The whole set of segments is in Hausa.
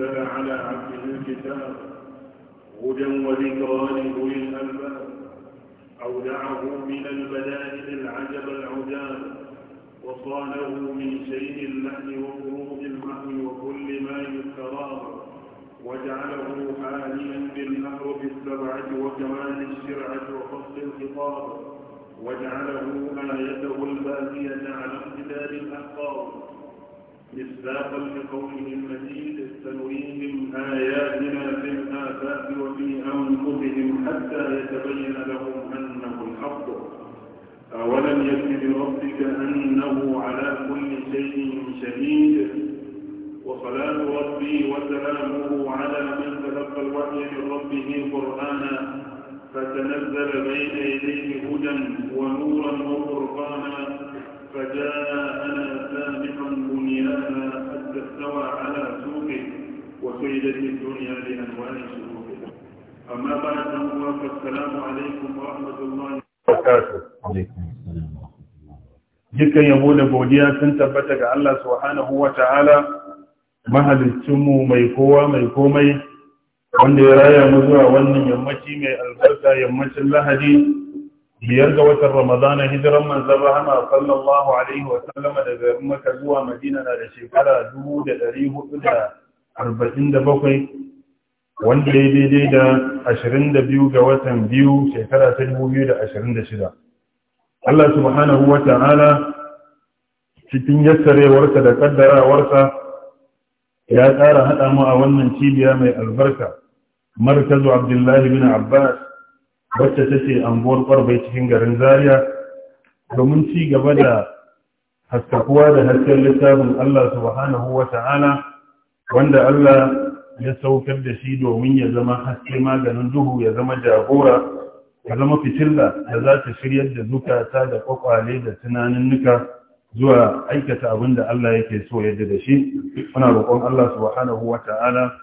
أنزل على عبده الكتاب هدى وذكرى لأولي الألباب أودعه من البدائل العجب العجاب وصانه من شيء اللحن وقروض المحن وكل ما يتراب وجعله حاليا بالنحو في السبعة وكمال الشرعة وفصل الخطاب وجعله آيته الباقية على اقتدار الأحقاب مصداقا لقوله المجيد سنريهم آياتنا في الآفاق وفي أنفسهم حتى يتبين لهم أنه الحق أولم يكن بربك أنه على كل شيء شهيد وصلاة ربي وسلامه على من تلقى الوحي من ربه قرآنا فتنزل بين يديه هدى ونورا وفرقانا فجاءنا على سوقه وسيدة الدنيا لأنوان سلوكها أما بعد فالسلام عليكم ورحمة الله وبركاته عليكم السلام dukkan yabo da godiya sun tabbata ga Allah subhanahu wa ta'ala mahalicinmu mai kowa mai komai wanda ya raya mu zuwa wannan yammaci mai albarka yammacin lahadi biyar ga watan ramadana hijiran manzan rahama sallallahu alaihi wa sallama Garin maka zuwa madina na da shekara 447 wanda ya daidai da 22 ga watan biyu shekara ta 2026 Allah subhanahu wa ta'ala cikin yassarewarsa da kaddarawarsa ya tsara haɗa mu a wannan cibiya mai albarka markazu abdullahi bin abbas wacce ce anguwar kwarbai cikin garin zaria domin ci gaba da haskakuwa da hasken littafin allah subhanahu wa ta'ala wanda allah ya saukar da shi domin ya zama haske maganin duhu ya zama jagora ya zama fitilla da za ta shiryar da zukata da kwakwale da tunanin nuka zuwa aikata abin da allah yake so yadda da shi muna roƙon allah subhanahu wa ta'ala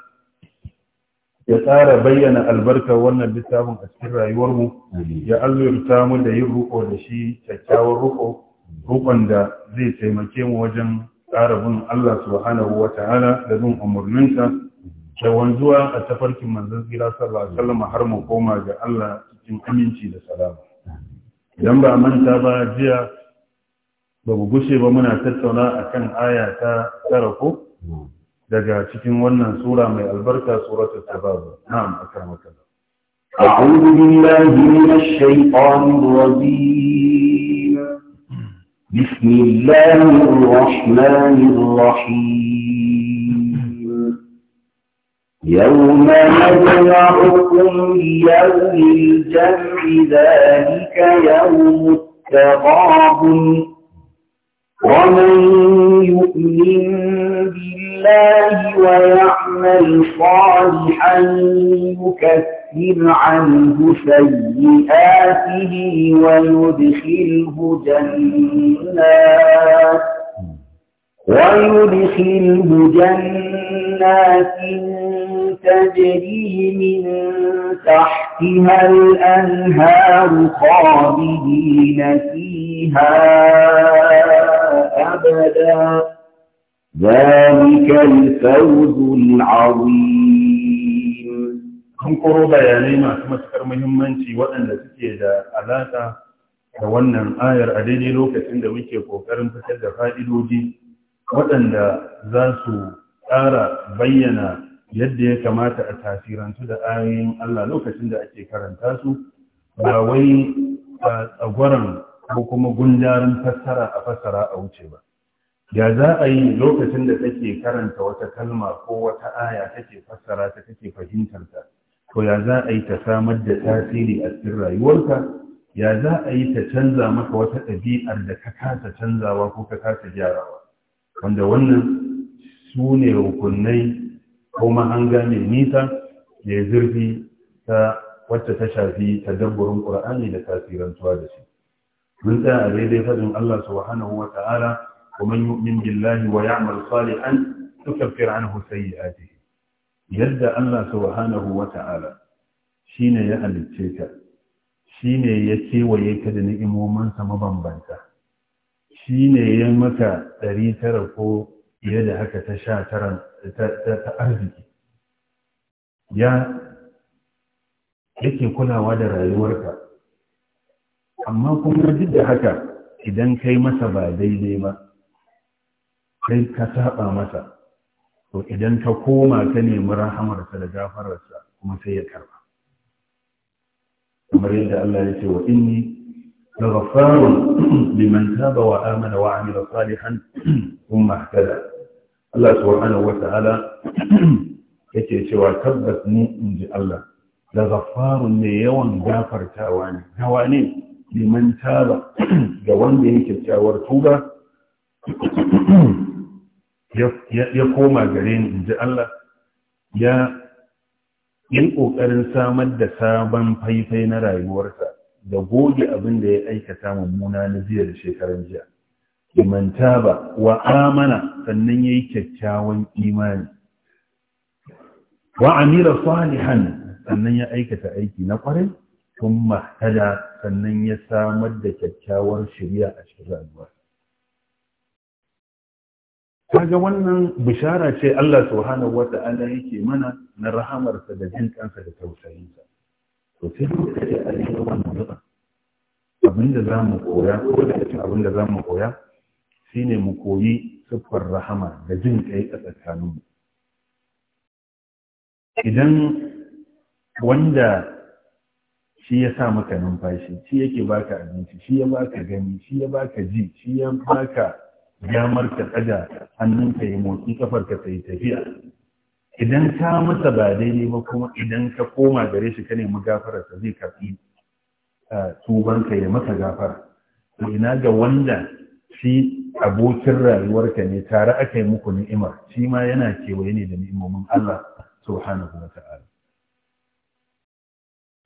ya tsara bayyana albarkar wannan littafin a cikin rayuwarmu ya allurta mu da yin ruko da shi kyakkyawar ruko rukon da zai taimake mu wajen tsara bin Allah subhanahu wa ta'ala da bin umarninsa da wanzuwa a tafarkin manzon gida sallallahu alaihi wasallam har mu koma ga Allah cikin aminci da salama idan ba manta ba jiya ba mu gushe ba muna tattauna akan aya ta tara ko daga cikin wannan sura mai albarka suratul tababa na'am akramaka a'udhu billahi minash shaitanir rajim bismillahir rahmanir rahim yawma najma'ukum yawmil jam'i dhalika yawmut taghabun ومن يؤمن بالله ويعمل صالحا يكفر عنه سيئاته ويدخله جنات ويدخله جنات تجري من تحتها الأنهار خالدين فيها أبدا ذلك الفوز العظيم هم قرب يا نيمة ما تكر مهمان شيء وأن تكيد ألاتا وأن آير أدلي لوكة عند ويكي وكرم تكيد فائدو waɗanda za su ƙara bayyana yadda ya kamata a tasirantu da ayoyin Allah lokacin da ake karanta su ba wai a tsagwaron ko kuma gundarin fassara a fassara a wuce ba ya za a yi lokacin da take karanta wata kalma ko wata aya take fassara ta take fahimtarta to ya za a yi ta samar da tasiri a cikin rayuwarka ya za a yi ta canza maka wata ɗabi'ar da ka kasa canzawa ko ka kasa gyarawa wanda wannan su ne rukunai ko mahanga mai nisa mai zurfi ta wacce ta shafi ta tadabburin ƙur'ani da tasirantuwa da shi mun tsaya a daidai fadin Allah subhanahu wa ta'ala wa man yu'min billahi wa ya'mal salihan tukaffir anhu sayyi'atihi yadda Allah subhanahu wa ta'ala shine ya halicce ka shine ya kewaye ka da ni'imomansa mabambanta shi ne ya maka ɗari tara ko fiye da haka ta sha tara ta arziki ya yake kulawa da rayuwarka amma kuma duk da haka idan kai masa ba daidai ba kai ka saba masa to idan ka koma ka nemi rahamarsa da gafararsa kuma sai ya karba kamar yadda Allah ya ce wa inni لغفار لمن تاب وآمن وعمل صالحا ثم اهتدى الله سبحانه وتعالى يتيش وتبت مؤمن الله لغفار ليوان جافر تاواني تاواني لمن تاب جوان بيك تاور توبا يقوم جرين انجي الله يا ينقو قرن سامد سابا فيفين رأي ورسال da goge abin da ya aikata mummuna na jiya da shekaran jiya liman ba wa amana sannan ya yi kyakkyawan imani wa amira salihan sannan ya aikata aiki na kwarai tun mahada sannan ya samar da kyakkyawar shirya a cikin rayuwa kaga wannan bishara ce Allah subhanahu wata'ala yake mana na rahamarsa da jin kansa da tausayinsa to sai duk da a cikin wannan abin da za mu koya ko da cikin abin da za mu koya shine mu koyi siffar rahama da jin kai a tsakanin mu idan wanda shi ya sa maka numfashi shi yake baka abinci shi ya baka gani shi ya baka ji shi ya baka damar ka tsaga hannunka ya motsi kafar ka sai tafiya idan ka masa ba daidai ba kuma idan ka koma gare shi ka nemi ka zai karɓi eh, tubanka ya maka gafara to ina ga wanda shi abokin rayuwarka ne tare aka yi muku ni'imar shi ma yana kewaye ne da ni'imomin Allah subhanahu wa ta'ala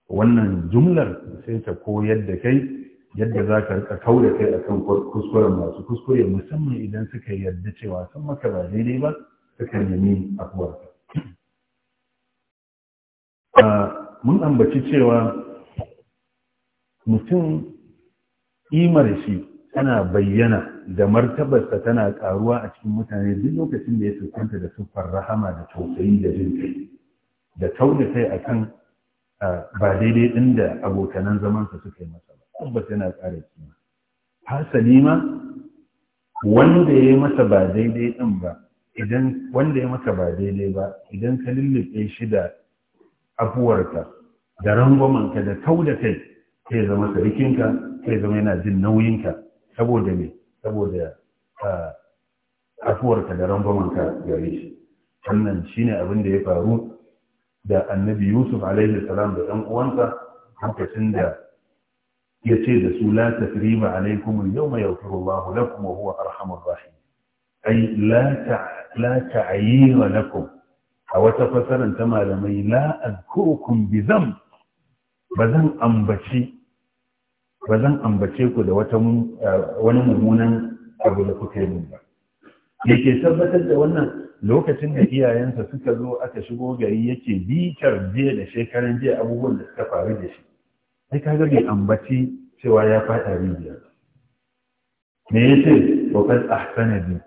wannan jumlar sai ta koyar da kai yadda za ka rika kau da kai akan kuskuren masu kuskure musamman idan suka yarda cewa sun maka ba daidai ba suka nemi afuwarka mun ambaci cewa mutum imar shi tana bayyana da martabarsa tana karuwa a cikin mutane duk lokacin da ya siffanta da siffar rahama da tausayi da jin kai da tauna kai kan ba daidai ɗin da abokanan zamansa suka yi masa ba tabbas yana ƙara kima hasali ma wanda ya yi masa ba daidai ɗin ba idan wanda ya masa ba daidai ba idan ka lullube shi da afuwarka da rangwamanka da kau da kai sai zama sarkinka sai zama yana jin nauyinka saboda me saboda afuwarka da rangwamanka gare shi wannan shine abin da ya faru da annabi yusuf alaihi salam da ɗan uwansa lokacin da ya ce da su la tasriba alaikum yawma yaghfiru Allahu lakum wa huwa arhamur rahim ay la la ta'ayira lakum a wata fasarar ta malamai la azkurukum bi zam bazan bazan ambace ku da wata wani mummunan abu da kuka yi ba yake tabbatar da wannan lokacin da iyayensa suka zo aka shigo gari yake bitar jiya da shekaran jiya abubuwan da suka faru da shi sai ka ga ambaci cewa ya faɗa rijiya me yace wa qad ahsana bi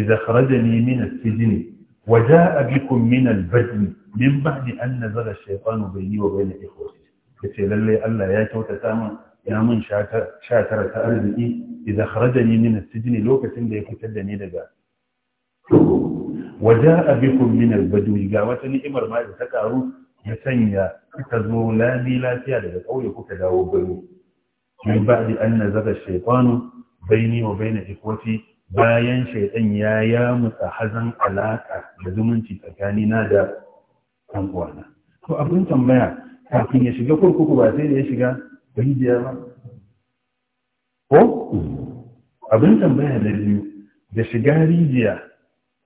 idza kharajani min as-sijni وجاء بكم من البدن من بعد أن نزل الشيطان بيني وبين إخوتي كتير للي ألا ياتو تتاما يا من شاتر تأرزئي إذا خرجني من السجن لو كتن دي كتدني لغا وجاء بكم من البدو قاوتني إمر ما تكارو يسنيا تزو لا لي لا تيادة أو يكوك داو بلو من بعد أن نزل الشيطان بيني وبين إخوتي bayan shaidan ya yamutsa hazan alaƙa da zumunci tsakanina da ɗan to abin tambaya kafin ya shiga kurkuku ba sai da ya shiga rijiya ba ko abin tambaya da biyu da shiga rijiya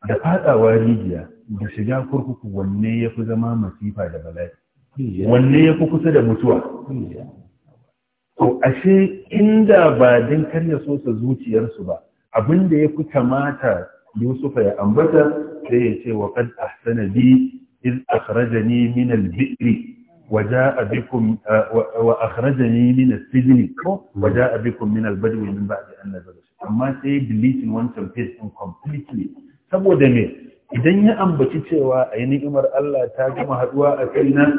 da fadawa rijiya da shiga kurkuku wanne ya fi zama masifa da bala'i wanne ya fi kusa da mutuwa to ashe inda ba din karya sosa zuciyarsu ba abin da ya fi kamata yusufa ya ambata sai ya ce wa kad ahsana bi iz akhrajani min al-bi'ri wa ja'a bikum wa akhrajani min al-sijni wa ja'a bikum min al-badwi min ba'di an amma sai deleting wancan page din completely saboda me idan ya ambaci cewa a ni'imar Allah ta gama haduwa a kaina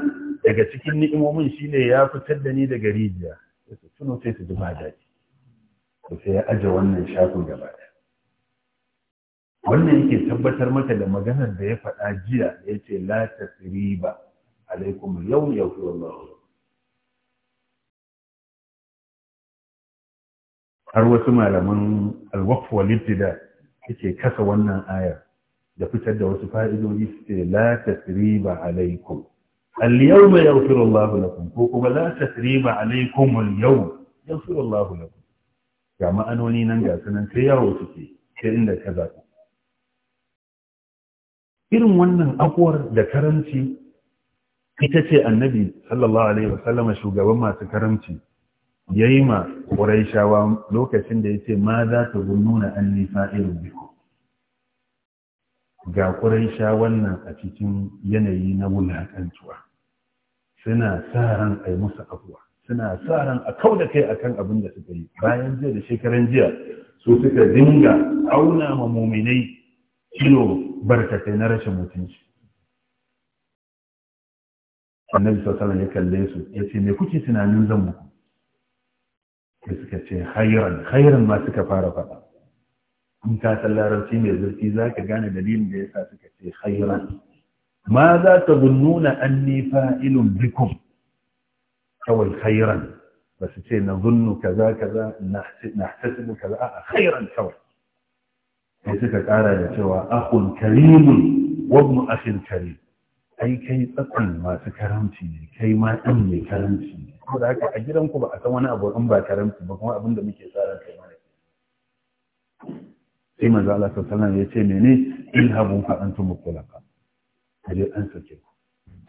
daga cikin ni'imomin shine ya fitar da ni daga rijiya sai su tuno sai su ji ba daɗi to sai ya aje wannan shafin gaba wannan yake tabbatar maka da maganar da ya faɗa jiya ya ce la tasriba alaikum yau ya fi wallahu har wasu malaman alwaqf wal ibtida yake kasa wannan ayar da fitar da wasu fa'idodi su ce la tasriba alaikum al-yawma yaghfiru Allahu lakum ko kuma la tasriba alaikum al-yawm yaghfiru Allahu lakum ga ma'anoni nan ga sunan sai yawo suke sai inda ka zaɓi irin wannan akwar da karamci ita ce annabi sallallahu alaihi wasallama shugaban masu karamci ya yi ma ƙuraishawa lokacin da ya ce ma za ta nuna an nisa irin biku ga ƙuraisha wannan a cikin yanayi na wulaƙantuwa suna sa ran a yi musu akuwa. suna sa ran a kau da kai akan abin da suka yi bayan jiya da shekaran jiya su suka dinga auna ma muminai kilo barkatai na rashin mutunci annabi sallallahu ya kalle su ya ce me kuke tunanin zan muku da suka ce hayran hayran ma suka fara faɗa in ka san larabci mai zurfi za ka gane dalilin da ya sa suka ce hayran ma za ta zunnuna anni fa'ilun bikum kawai khairan ba su ce na zunnu kaza kaza na tasibu kaza a khairan kawai sai suka kara da cewa akhun karimun wa ibn akhin ai kai tsatsan masu karamci ne kai ma ɗan mai karamci ne saboda haka a gidanku ba a san wani abu in ba karamci ba kuma abin da muke tsara kai mana sai manzo Allah sallallahu alaihi wasallam ya ce mene ilhabu fa antum mutlaqa kaje an sake ku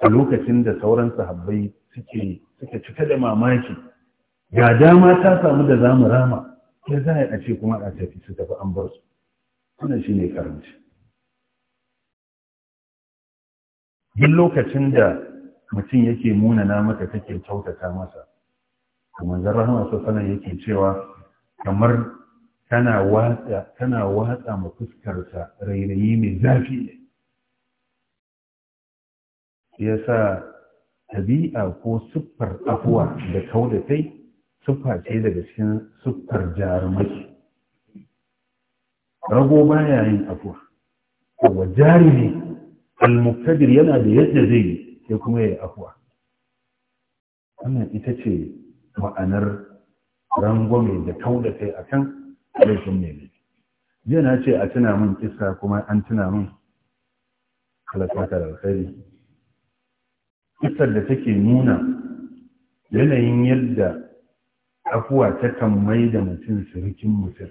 a lokacin da sauran sahabbai suke suka cika da mamaki ga dama ta samu da zamu rama ya za a ce kuma a tafi su tafi an bar su wannan shi karanci duk lokacin da mutum yake munana maka take kyautata masa kamar zan rahama sanan yake cewa kamar tana watsa ma fuskarsa rairayi mai zafi ne ya sa tabi'a ko siffar afuwa da kau da kai siffa ce daga cikin siffar jarumai rago baya yin afuwa wa jarumi al yana da yadda zai yi sai kuma ya afuwa wannan ita ce ma'anar rangwame da kau da kai akan laifin mai jiya na ce a tuna min kisa kuma an tuna min da alkhairi kisar da take nuna yanayin yadda afuwa ta kan mai da mutum sirikin mutum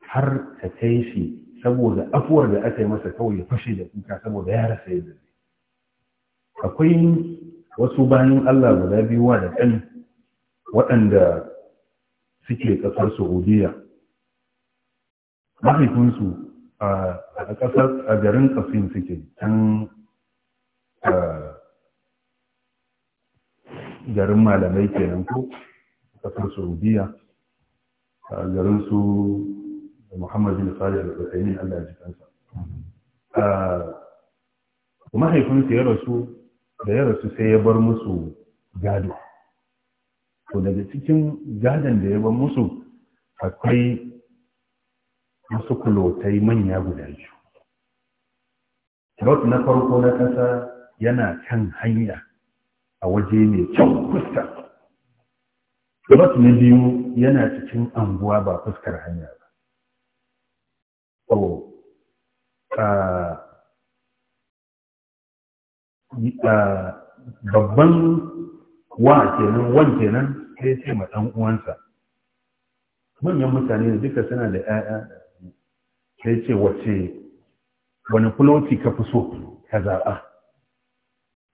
har ta kai shi saboda afuwar da aka yi masa kawai ya fashe da kuka saboda ya rasa yadda akwai wasu bayan Allah guda biyuwa da kan waɗanda suke ƙasar Saudiya mahaifinsu a ƙasar a garin Qasim suke can garin malamai kenan ko kasar saudiya garin su muhammadu salih al allah ji kansa mahaifinsu ya rasu da ya rasu sai ya bar musu gado to daga cikin gadon da ya bar musu akwai wasu kulotai manya guda biyu na farko na ƙasa yana kan hanya a waje mai kyau fuska gabas na biyu yana cikin anguwa ba fuskar hanya ba oh, babban wa kenan wan kenan sai ce ma ɗan uwansa manyan mutane da duka suna da 'ya'ya sai ce wace wani kuloti ka fi so ka zaɓa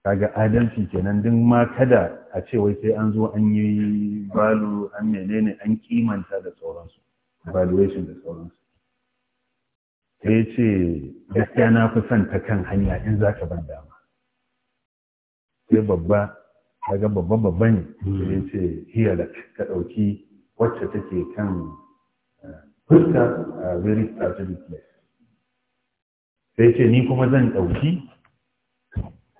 kaga adalci kenan duk ma kada a ce wai sai an zo an yi balu an menene an kimanta da sauransu valuation da sauransu sai ce gaskiya na fi son ta kan hanya in za ka ban dama sai babba kaga babba babba ne sai ya ce hiyalak ka ɗauki wacce take kan eh, fuska a very strategic place sai ce ni kuma zan ɗauki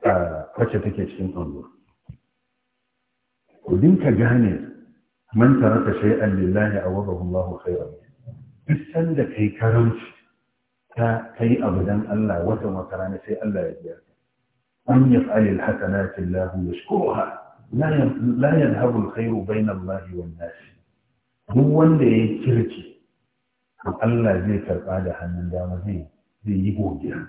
wacce take cikin tsoro ku dinka gane man taraka shay'an lillahi awadahu khairan duk sanda kai karanci, ta kai abu Allah wata wata rana sai Allah ya biya an yaf'al alhasanati Allah yashkuruha la la yadhhabu alkhairu bayna Allah wan nas duk wanda ya kirki Allah zai karɓa da hannun dama zai zai yi godiya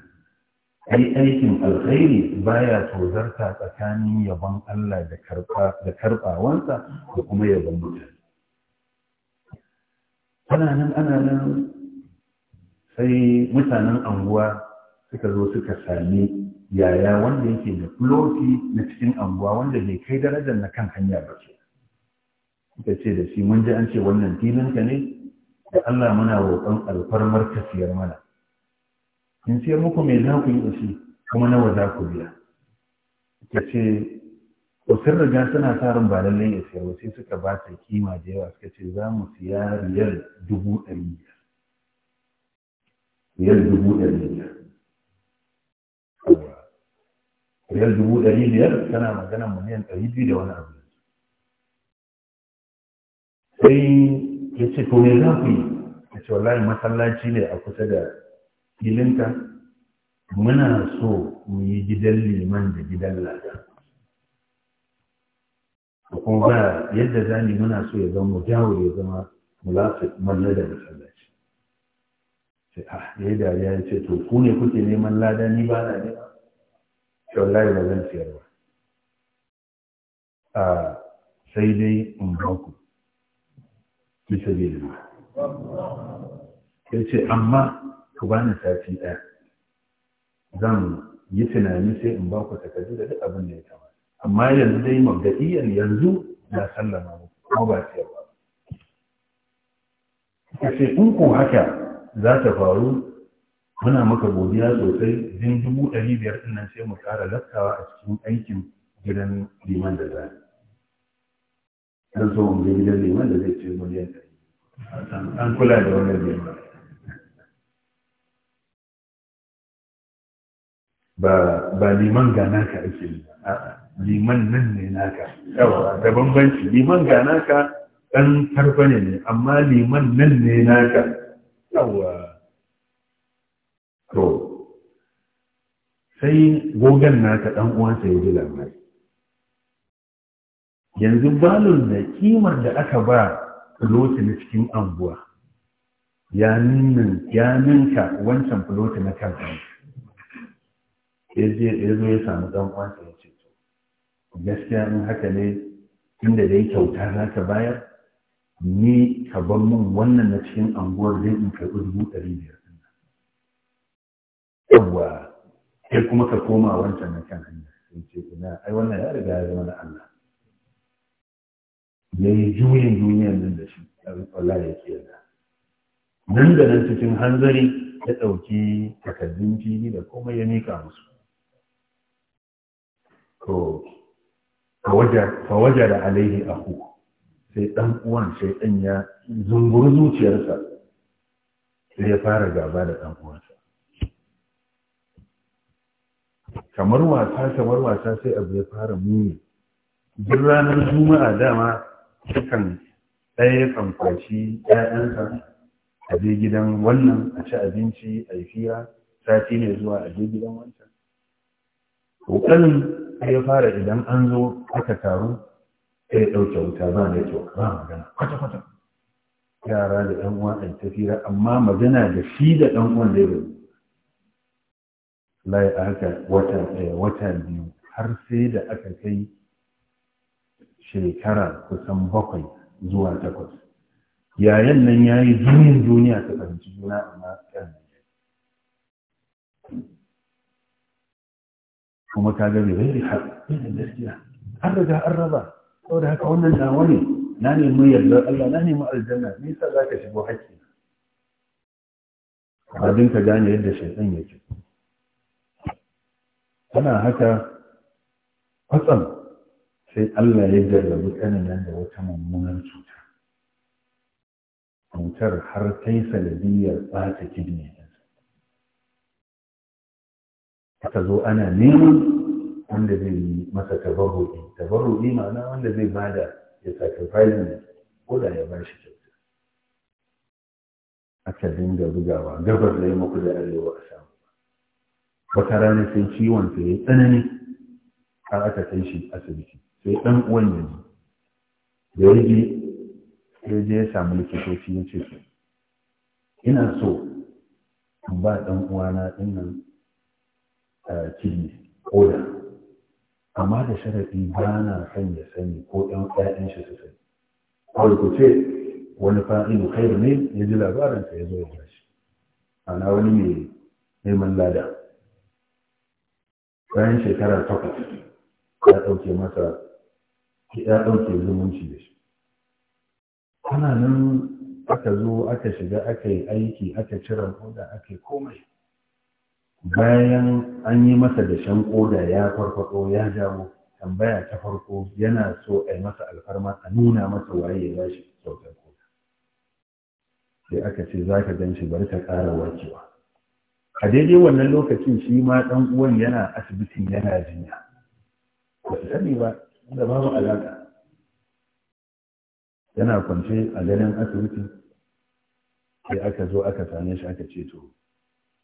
ai aikin alkhairi baya tozarta tsakanin yabon Allah da karɓawansa da kuma yabon mutane. Ana nan ana nan sai mutanen anguwa suka zo suka sami yaya wanda yake da floti na cikin anguwa wanda bai kai darajar na kan hanya ba ce. Suka ce da shi mun ji an ce wannan filinka ne da Allah muna roƙon alfarmar ka siyar mana. in siya muku mai za ku yi shi? kuma nawa za ku biya ta ce usir riga suna sa ran ba lallai ya siya sai suka ba ta kima da yawa suka ce za mu siya riyal dubu ɗari biyar riyal dubu ɗari biyar riyal dubu ɗari biyar tana magana miliyan ɗari biyu da wani abu sai ya ce to me za ku yi ya ce wallahi masallaci ne a kusa da filinka muna so mu yi gidan liman da gidan lada da kuma ba yadda zani muna so ya zama jawo ya zama mulafi malla da masallaci sai ah ya yi dariya ya ce to ku ne kuke neman lada ni ba na nema shi wallahi ba zan siyar ba ah, sai dai in ba ku bisa bilima ya ce amma ku bani sati ɗaya zan yi tunani sai in ba ku takardu da duk abin da ya kamata amma yanzu dai mabda'iyan yanzu na sallama muku kuma ba ta yawa ba ce in ku haka za ta faru muna maka godiya sosai jin dubu ɗari biyar ɗin nan sai mu ƙara laftawa a cikin aikin gidan liman da zai dan so mu gidan liman da zai ce miliyan ɗari an kula da wannan liman ba liman gana ka ake yi liman nan ne naka yawa da bambanci liman gana ka ɗan tarfa ne amma liman nan ne naka yawa to sai gogon naka ɗan uwansa ya ji labari yanzu balon da kimar da aka ba filoti na cikin anguwa ya ninka wancan filoti na kan ya je ya zo ya samu dan uwansa ya ce to gaskiya in haka ne tunda dai kyauta za ka bayar ni ka ban min wannan na cikin anguwar zai in karɓi dubu ɗari biyar ɗin yawwa sai kuma ka koma wancan na kan hanya sai ce ina ai wannan ya riga ya zama na Allah ya yi juyin duniyar nan da shi Allah ya ke yarda nan da nan cikin hanzari ya ɗauki takardun fili da komai ya mika musu to da alaihi ku sai dan uwan sai dan ya zunguru zuciyarsa sai ya fara gaba da dan uwansa kamar wasa kamar wasa sai abu ya fara muni duk ranar juma'a dama sukan ɗaya ya kwankwaci ‘ya'yansa a je gidan wannan a ci abinci a yi fira sati ne zuwa a je gidan wancan ƙoƙarin sai ya fara idan an zo aka taru sai ya ɗauke wuta ba da to ba magana kwata-kwata yara da ɗan uwa ɗan tafira amma magana da shi da ɗan uwan da ya lai a haka wata biyu har sai da aka kai shekara kusan bakwai zuwa takwas yayan nan ya yi jinin duniya ta fahimci juna amma كمتى كان غير حق من الأشياء أرده الرضا أرده كون الناوني ناني ميل الله ناني مؤلزمة مين سلاك شبو حكي بعدين تجاني يد شيطان يجي أنا هكا أصلا في الله يجعل بك أنا نانا وكما من الموتى موتى حرتين سلبية باتك ابنها aka zo ana neman wanda zai yi masa tabarruɗi tabarruɗi ma'ana wanda zai bada ya sacrifice ko da ya ba shi kyauta aka dinga bugawa gabar da ya maku da arewa a samu wata rana sai ciwon sai ya tsanani har aka kai shi asibiti sai ɗan uwan ya ji da ya ji ya je ya samu likitoci ya ce ina so ba ɗan uwana ɗin nan ciki eh, koda amma da sharaɗi ba na son ya sani ko ɗan 'ya'yan shi su sani kawai ku ce wani fa'ilu kai ne ya ji labarin ya zo ya bashi ana wani mai neman lada bayan shekara takwas ya ɗauke masa ya ɗauke zumunci da shi ana nan aka zo aka shiga aka yi aiki aka cire koda aka yi komai bayan an yi masa dashen koda ya farfaɗo ya jawo tambaya ta farko yana so a yi masa alfarma a nuna masa waye ya shi kyautar koda sai aka ce za ka gan shi bari ka ƙara warkewa a daidai wannan lokacin shi ma ɗan uwan yana asibitin yana jinya ba su sani ba da babu alaƙa yana kwance a ganin asibiti sai aka zo aka same shi aka ce to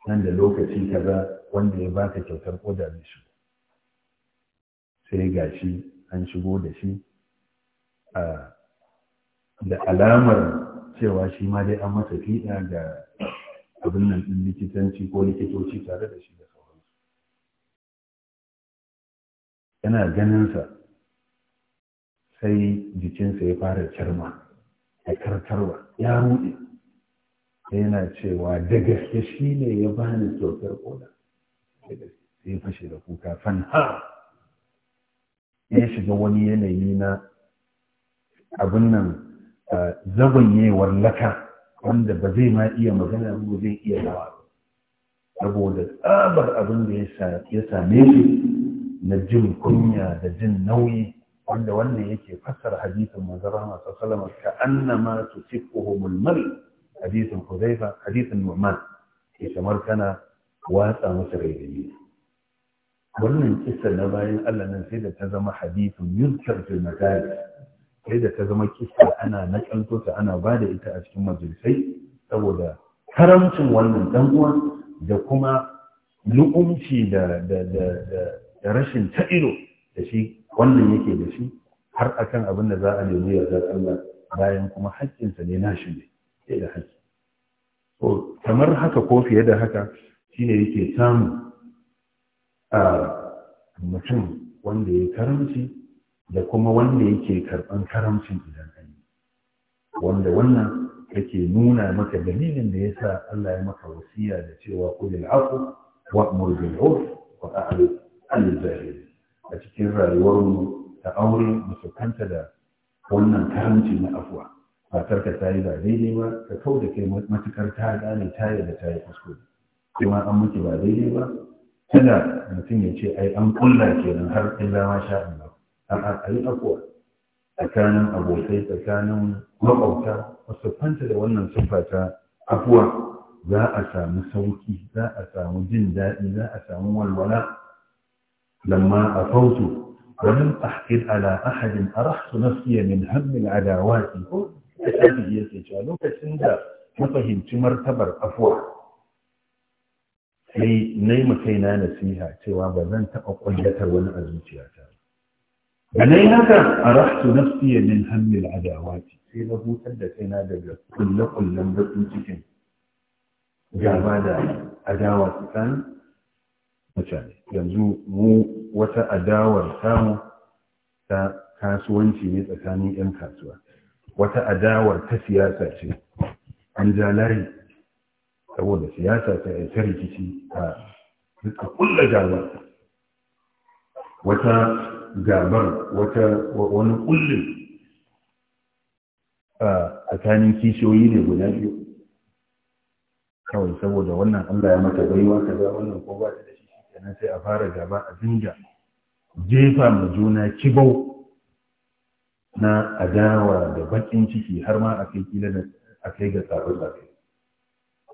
nan da lokaci kaza wanda ya baka kyautar koda da shi sai ga shi an shigo da shi da alamar cewa shi ma dai an masa fiɗa ga abin nan ɗin likitanci ko likitoci tare da shi da sauransu yana ganinsa sai jikinsa ya fara cirma ya karkarwa ya ruɗe yana cewa da gaske shi ne ya bani kyautar ƙoda sai fashe da kuka ha ya shiga wani yanayi na abin nan zagonyewar laka wanda ba zai ma iya magana ba zai iya dawa saboda tsabar abin da ya same shi na jin kunya da jin nauyi wanda wannan yake fassara hadisin manzara masu salama ka annama su tusifuhumul mari hadisin Huzaifa hadisin Nu'man ke kamar kana watsa masa raidani wannan kissa na bayan Allah nan sai da ta zama hadisin yuzkar fil majalis sai da ta zama kissa ana nakalto ta ana ba da ita a cikin majalisai saboda karamcin wannan dan uwan da kuma lu'umci da rashin ta ido da shi wannan yake da shi har akan abin da za a nemi yardar Allah bayan kuma haƙƙinsa ne shi ne sai da haji kamar haka ko fiye da haka shine yake samu a mutum wanda ya karamci da kuma wanda yake karɓan karamcin idan an yi wanda wannan yake nuna maka dalilin da ya sa Allah ya maka wasiya da cewa kulil afu wa amur bil wa a'rid a cikin rayuwarmu ta aure mu da wannan karamci na afuwa. matarka ta yi ba daidai ba ka kau da kai matukar ta gane ta yi da ta yi kuskure kuma an muke ba daidai ba kada mutum ya ce ai an kulla kenan har illa ma sha Allah a'a a yi afuwa tsakanin abokai tsakanin maƙwabta wasu fanta da wannan siffa ta afuwa za a samu sauki za a samu jin daɗi za a samu walwala lamma a fautu ولم أحقد على أحد أرحت نفسي من هم العداوات da ɗalibi yake cewa lokacin da na fahimci martabar afuwa sai na yi kaina nasiha cewa ba zan taɓa ƙwallatar wani a zuciyata da na yi haka a na nafsiya min hamil adawati sai na hutar da kaina daga kulle-kullen baƙin cikin gaba da adawa tsakanin mutane yanzu mu wata adawar samu ta kasuwanci ne tsakanin 'yan kasuwa wata adawar ta siyasa ce an ja lari, saboda siyasa ta yi ta rikici a duka kulla gabar wata gabar wata wani kullum a tsakanin kishiyoyi ne guda biyu kawai saboda wannan Allah ya mata baiwa kaza wannan ko ba da shi kenan sai a fara gaba a dinga jefa ma juna kibau na adawa da bakin ciki har ma a kai kila da a kai ga tsaro tsaro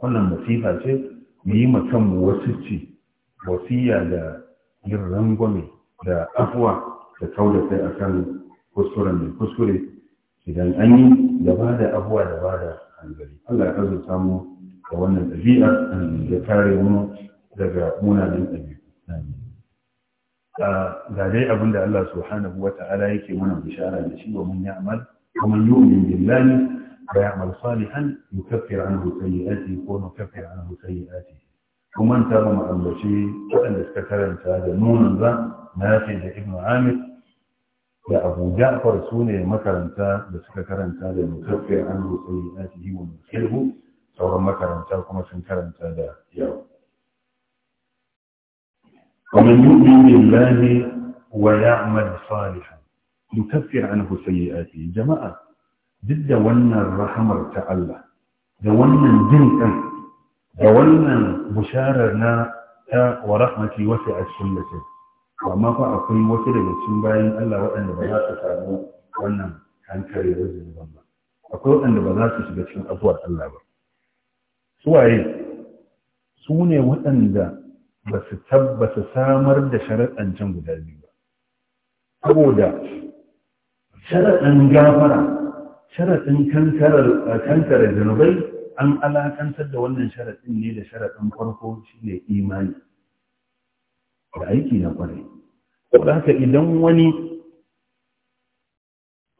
wannan masifa ce mu yi kanmu wasu ci wasiya da yin rangwame da afuwa da kauda sai a kan kuskuren mai kuskure idan an yi da ba da abuwa da ba da hanzari allah ka zo samu da wannan ɗabi'a da kare mu daga munanan ɗabi'u ga dai abin da Allah subhanahu wa ta'ala yake mana bishara da shi wa mun ya'mal kuma yu'min billahi wa ya'mal salihan yukaffir anhu sayyi'ati ko nukaffir anhu sayyi'ati kuma ta ba ma'ambaci waɗanda suka karanta da nunan za na ce da ibn amir da abu ja'far su ne makaranta da suka karanta da nukaffir anhu sayyi'ati wa nukaffir sauran makaranta kuma sun karanta da yawa ومن يؤمن بالله ويعمل صالحا يكفر عنه سيئاته جماعة wannan ونا ta Allah, da wannan jin ɗin da wannan bisharar na ta wa rahmati wasu a cikin mutum amma fa akwai wasu daga cikin bayan Allah waɗanda ba za su samu wannan hankali da zunuban ba akwai waɗanda ba za su shiga cikin abuwar Allah ba suwaye su ne waɗanda ba su tabbata samar da sharaɗan can guda biyu ba saboda sharaɗan gafara sharaɗin kankare zunubai an alakantar da wannan sharaɗin ne da sharaɗin farko shine imani da aiki na kwarai saboda haka idan wani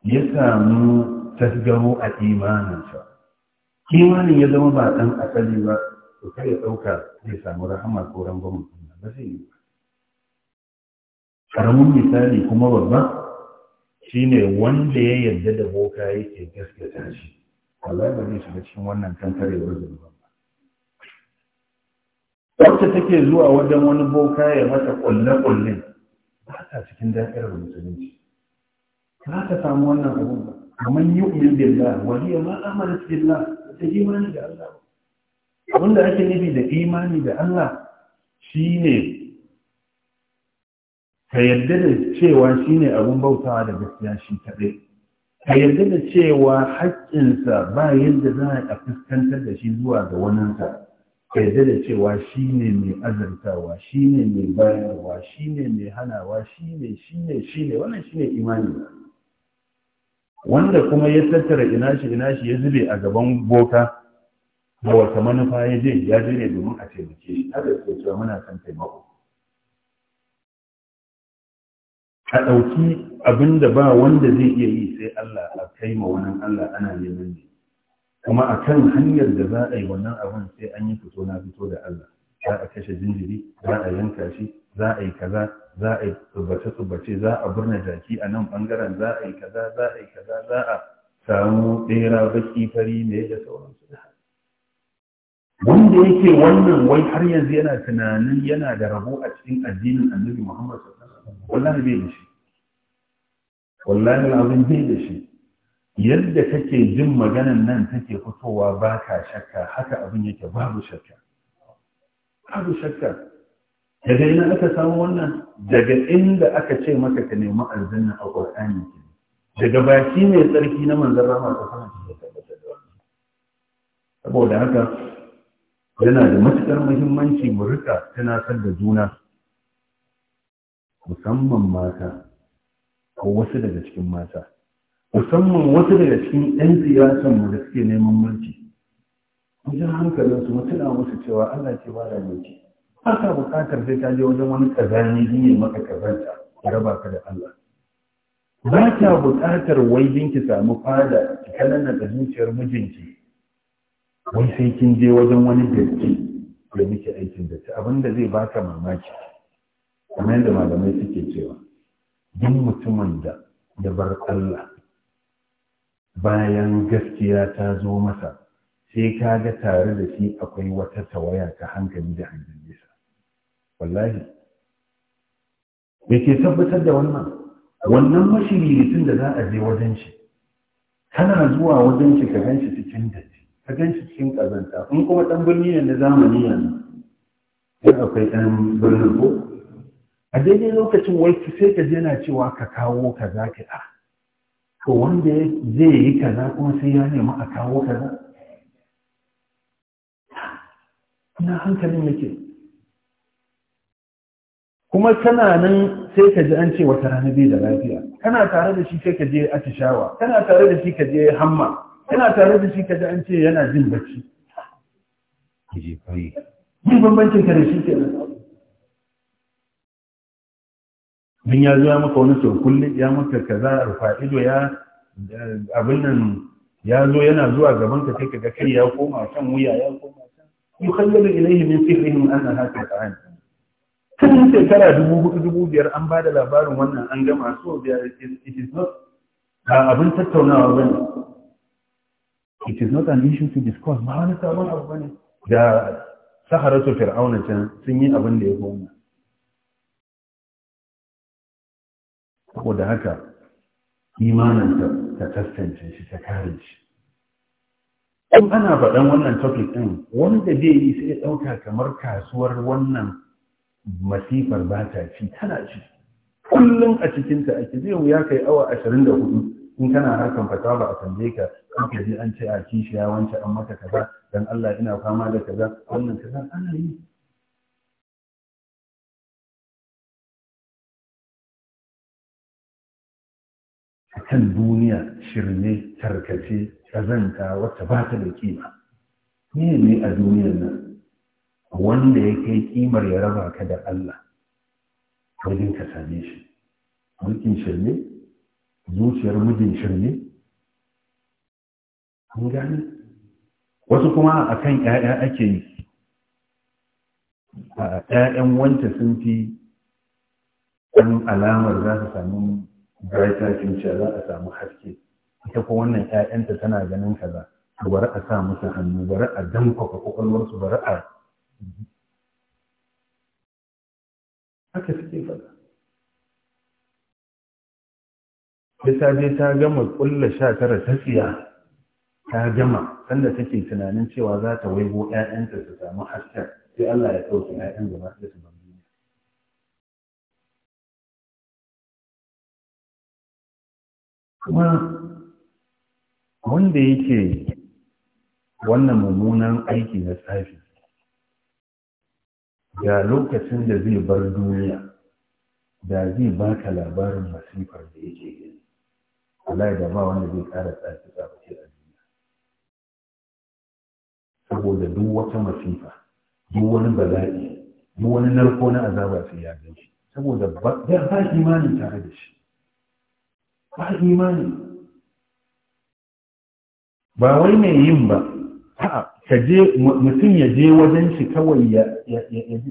ya samu tasgaro a imaninsa imanin ya zama ba ɗan asali ba to kar ya ɗauka zai samu rahama ko rangwamen Allah ba zai yi ba karamin misali kuma babba shine wanda ya yarda da boka yake gaskata shi wallahi ba zai shiga cikin wannan kankarewar zunuban ba wacce take zuwa wajen wani boka ya mata ƙulle ƙulle ba ta cikin da'irar musulunci ba ta samu wannan abun ba kamar yi umar billah wani ya ma ta ji wani da Allah wanda ake nufi da imani da Allah shi ne. ka yarda da cewa shi ne abin bautawa da gaskiya shi kaɗai ka yarda da cewa haƙƙinsa ba yadda za a fuskantar da shi zuwa ga waninsa ka yarda da cewa shi ne mai azartawa ne mai bayarwa ne mai hanawa shi shi ne, ne, shi ne, wannan shi ne imani wanda kuma ya tattara ina shi ina shi ya zube a gaban boka da wata manufa ya je ya je ne domin a taimake shi har da cewa muna son taimako a ɗauki abin da ba wanda zai iya yi sai Allah a kai ma wani Allah ana neman ne kuma a kan hanyar da za a yi wannan abin sai an yi fito na fito da Allah za a kashe jinjiri za a yanka shi za a yi kaza za a yi tsubbace-tsubbace za a birna jaki a nan bangaren za a yi kaza za a yi kaza za a samu ɗera baƙi fari ne da sauransu wanda yake wannan wai har yanzu yana tunanin yana da rabo a cikin addinin annabi Muhammad wallahi bai da shi wallahi alazim bai da shi yadda kake jin maganan nan take fitowa ba ka shakka haka abin yake babu shakka babu shakka daga ina aka samu wannan daga inda aka ce maka ka nemi aljanna a Qur'ani daga baki mai tsarki na manzon rahama ta sanar da saboda haka yana da matuƙar muhimmanci mu rika tunatar da juna musamman mata ko wasu daga cikin mata musamman wasu daga cikin 'yan siyasan mu da suke neman mulki wajen mutu na musu cewa Allah ce ba da mulki haka bukatar zai ta je wajen wani kazani yi maka kazanta ya raba ka da Allah ba ta bukatar wai ki samu fada ki kanan da zuciyar mijinki wai sai kin je wajen wani gaske da muke aikin da ta. abin da zai baka mamaki kamar yadda malamai suke cewa duk mutumin da ya bar Allah bayan gaskiya ta zo masa sai ka ga tare da shi akwai wata tawaya ta hankali da hangen nesa wallahi me tabbatar da wannan wannan mashiritin da za a je wajen shi kana zuwa wajen shi ka gan cikin da kazanta in kuma ɗan birni ne na zamani ne in akwai ɗan birnin ko a daidai lokacin wai sai ka je na cewa ka kawo kaza ki a ah, to wanda zai yi kaza kuma sai ya nemi a kawo kaza ina hankalin yake kuma kana nan sai ka ji an ce wata rana bai da lafiya kana tare da shi sai ka je atishawa kana tare da shi ka je hamma kana tare da shi ka ji an ce yana jin bacci je kai duk bambancin ka da shi ke nan don ya zo ya maka wani sau kullum ya maka ka za a rufa ido ya abin nan ya zo yana zuwa gaban ka sai kaga kai ya koma can wuya ya koma can yukhayyalu ilayhi min sihrihim annaha qur'an kan shekara dubu hudu dubu biyar an ba da labarin wannan an gama so biyar it is not abin tattaunawa ba ne it is not an issue to discuss ba wani sabon abu ba ne da saharatu fir'auna can sun yi abin da ya koma. ko da haka imaninta ta tasance shi ta kare shi in ana faɗan wannan topic ɗin wanda zai yi sai ɗauka kamar kasuwar wannan masifar ba ta ci tana ci kullum a cikinta ake zai ya kai awa ashirin da hudu in kana harkan fatawa ba a tambaye ka an ka je an ce a kishiya wancan an maka kaza dan Allah ina fama da kaza wannan kaza ana yi kan duniya shirme tarkace kazanta wacce ba ta da kima ne ne a duniyar nan wanda ya kai kimar ya raba ka da Allah wajen ka same shi mulkin shirme zuciyar mijin shirme an gane wasu kuma a kan ‘ya'ya ake yi ‘ya'yan wanta sun fi ɗan alamar za su sami brighter future za a samu haske ita ko wannan ‘ya'yanta tana ganin kaza bari a sa musu hannu bari a damkwafa kwakwalwarsu bari a haka suke faɗa sai ta je ta gama kulla sha tara ta tsiya ta gama sanda take tunanin cewa za ta waigo 'ya'yanta su samu hasken sai Allah ya ɗauki 'ya'yan gaba da su bambi kuma wanda yake wannan mummunan aiki na tsafi ga lokacin da zai bar duniya da zai baka labarin masifar da yake gani wallahi da ba wanda zai ƙara tsarki tsarki a duniya saboda duk wata masifa duk wani bala'i duk wani narko na azaba sai ya gan shi saboda ba imani tare da shi ba imani ba wai mai yin ba ka je mutum ya je wajen shi kawai ya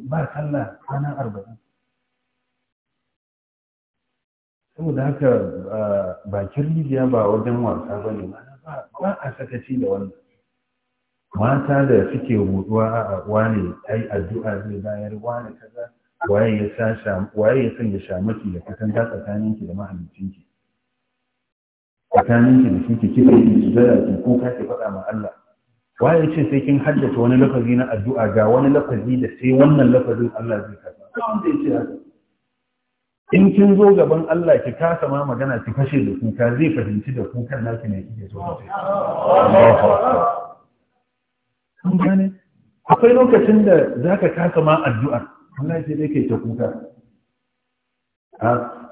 ba sallah kwana arba'in saboda haka bakin rijiya ba wajen wasa ba ne ba a sakaci da wannan mata da suke rutuwa a wane ai addu'a zai bayar wani kaza waye ya waye ya sanya shamaki da kusan ta tsakanin ki da mahallicin ki tsakanin ki da shi ki da ki zara ki ko ka ki faɗa ma Allah waye ya ce sai kin haddace wani lafazi na addu'a ga wani lafazi da sai wannan lafazin Allah zai kasa ba wanda ya ce haka in kin zo gaban Allah ki kasa ma magana ki fashe da kuka zai fahimci da kukan naki ne kike so kace kun akwai lokacin da zaka kasa ma addu'a Allah ce dai kai ta kuka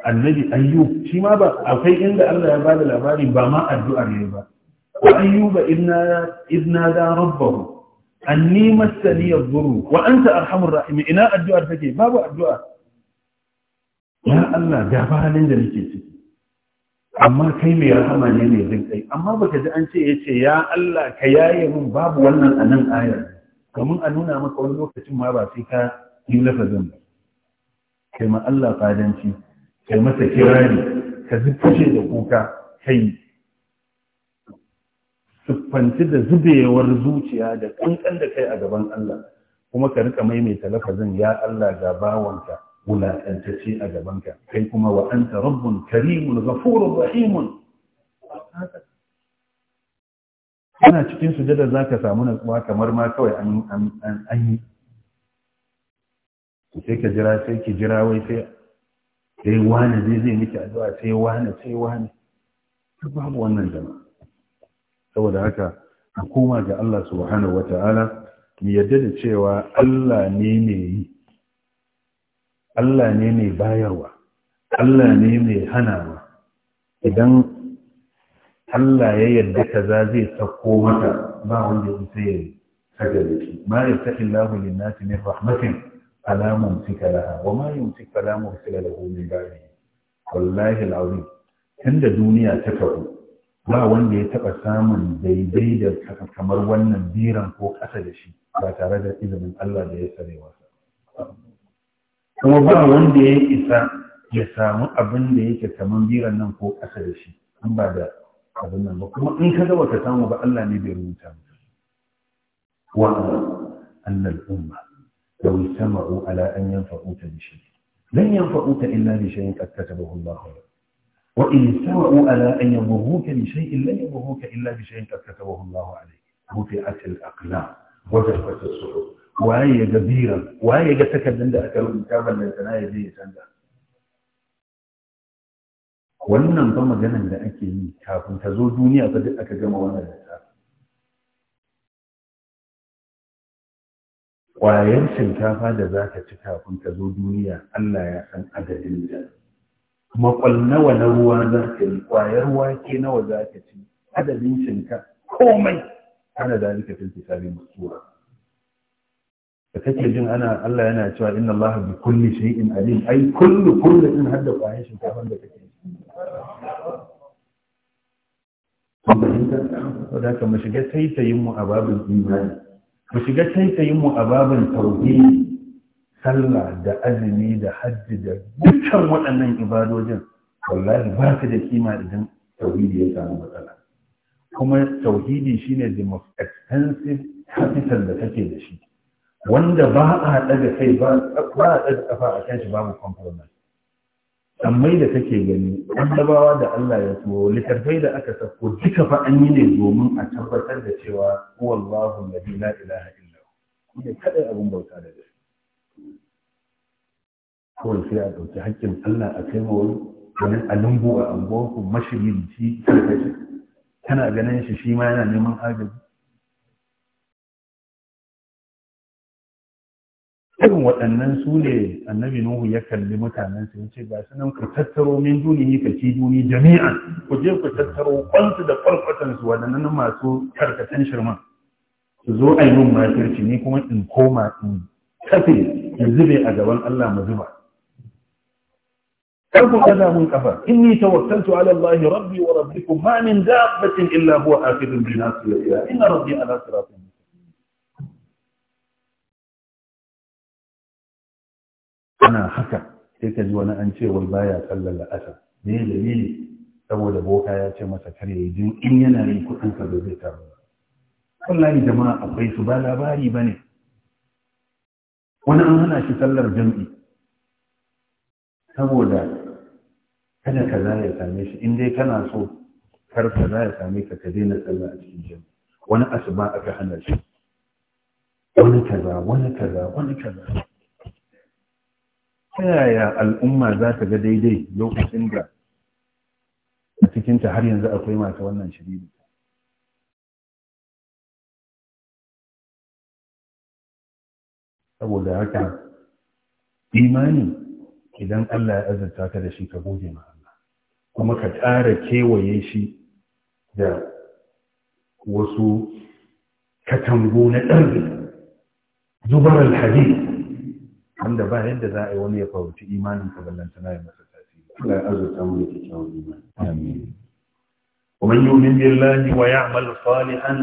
annabi ayyub shi ma ba akwai inda Allah ya bada labari ba ma addu'ar ne ba wa ayyuba idna idna rabbahu anni massani yadhurru wa anta arhamur rahimin ina addu'ar take babu addu'a ya Allah ga halin da nake ciki amma kai mai rahama ne mai zan kai amma baka ji an ce ya ya Allah ka yaye min babu wannan anan nan ayar kamun a nuna maka wani lokacin ma ba sai ka yi lafazin ba kai ma Allah fadanci kai masa kirari ka zufushe da kuka kai siffanci da zubewar zuciya da kankan da kai a gaban Allah kuma ka rika maimaita lafazin ya Allah ga bawanka wulatantace a gabanka kai kuma wa anta rabbun karimun ghafurur rahimun kana cikin sujada zaka samu natsuwa kamar ma kawai an an an yi sai ka jira sai ki jira wai sai sai wani zai zai miki addu'a sai wani sai wani babu wannan jama'a saboda haka a koma ga Allah subhanahu wataala mu yadda da cewa Allah ne ne yi Allah ne mai bayarwa Allah ne mai hanawa idan Allah ya yarda kaza zai sako mata ba wanda ya sai ya saka da shi ma ya saki Allahu lin nasi min rahmatin ala mumsika laha wa ma yumsik fala cika lahu min ba'dihi wallahi alazim tunda duniya ta kafu ba wanda ya taɓa samun daidai da kamar wannan biran ko kasa da shi ba tare da izinin Allah da ya sarewa kuma ba wanda ya isa ya samu abin da yake kaman biran nan ko ƙasa da shi an ba da abin nan ba kuma in ka ga ka samu ba Allah ne bai rubuta mu wa anna al-umma law sama'u ala an yanfa'uka bi shay lan yanfa'uka illa bi shay'in qad katabahu Allah wa in sama'u ala an yadhurruka bi shay'in lan yadhurruka illa bi shay'in qad katabahu Allah alayk rufi'at al-aqlam wa jafat as-suhuf waye ya ga biran waye ya ga takardun da aka rubuta ballan sana ya je ya canza wannan ba maganan da ake yi kafin ta zo duniya ba duk aka gama wannan lissafi ƙwayar shinkafa da za ka ci kafin ta zo duniya Allah ya san adadin da makwal nawa na ruwa za ka yi ƙwayar wake nawa za ka ci adadin shinkafa komai ana da rika fi tsari mutuwa فكيف يجين أنا الله أنا أتوى إن الله بكل شيء أليم أي كل كل شيء هدف أعيش أنت أبدا تكين وذاك مش جت هي تيمو أباب الإيمان مش جت هي تيمو أباب التوحيد صلى دا أزمي دا حج دا بكر وأنا إبادة وجن والله ما في كيما إذن توحيد يسعنا مثلا كما توحيد شيء دي مف إكستنسيف كابيتال دا شيء wanda ba a daga kai ba a kafa a kan shi babu compromise sammai da kake gani annabawa da Allah ya tuwo littattafai da aka sako duka fa an yi ne domin a tabbatar da cewa wallahu alladhi la ilaha illa hu kada abun bauta da shi kawai sai a ɗauki hakkin Allah a kai ma wani alumbu a anguwarku mashirici karkashi kana ganin shi shi ma yana neman agaji irin waɗannan su ne annabi nuhu ya kalli mutanen su ce ga su nan ku tattaro min dunihi ka ci duni jami'an ku je ku tattaro kwansu da kwarkwatan su waɗannan masu karkatan shirman su zo a yi min makirci ni kuma in koma in kafe in zube a gaban Allah mu zuba kar ku kada mun kafa inni tawakkaltu ala Allah rabbi wa rabbikum ma min dabbatin illa huwa akhidun bi nasiyatiha inna rabbi ala siratin ana haka sai ka ji wani an ce wai baya sallar la'asar ne dalili saboda boka ya ce masa kar ya yi in yana yin kuɗin sa da zai taru wallahi jama'a akwai su ba labari ba ne wani an hana shi sallar jam'i saboda kada ka za ya same shi in dai kana so kar ka za ya same ka ka daina sallar a cikin jam'i wani asuba aka hana shi wani kaza wani kaza wani kaza ta yaya al'umma za ta ga daidai lokacin da a cikinta har yanzu akwai masu wannan shirin? saboda haka imani idan Allah ya azurta ka da shi ka goge ma kuma ka tsara kewaye shi da wasu katangu na ɗarbi zubar alhadis wanda ba yadda za a yi wani ya fahimci imanin ka ballantana ya masa tasiri Allah ya arzuta mu da kyakkyawan imani amin ومن يؤمن بالله ويعمل صالحا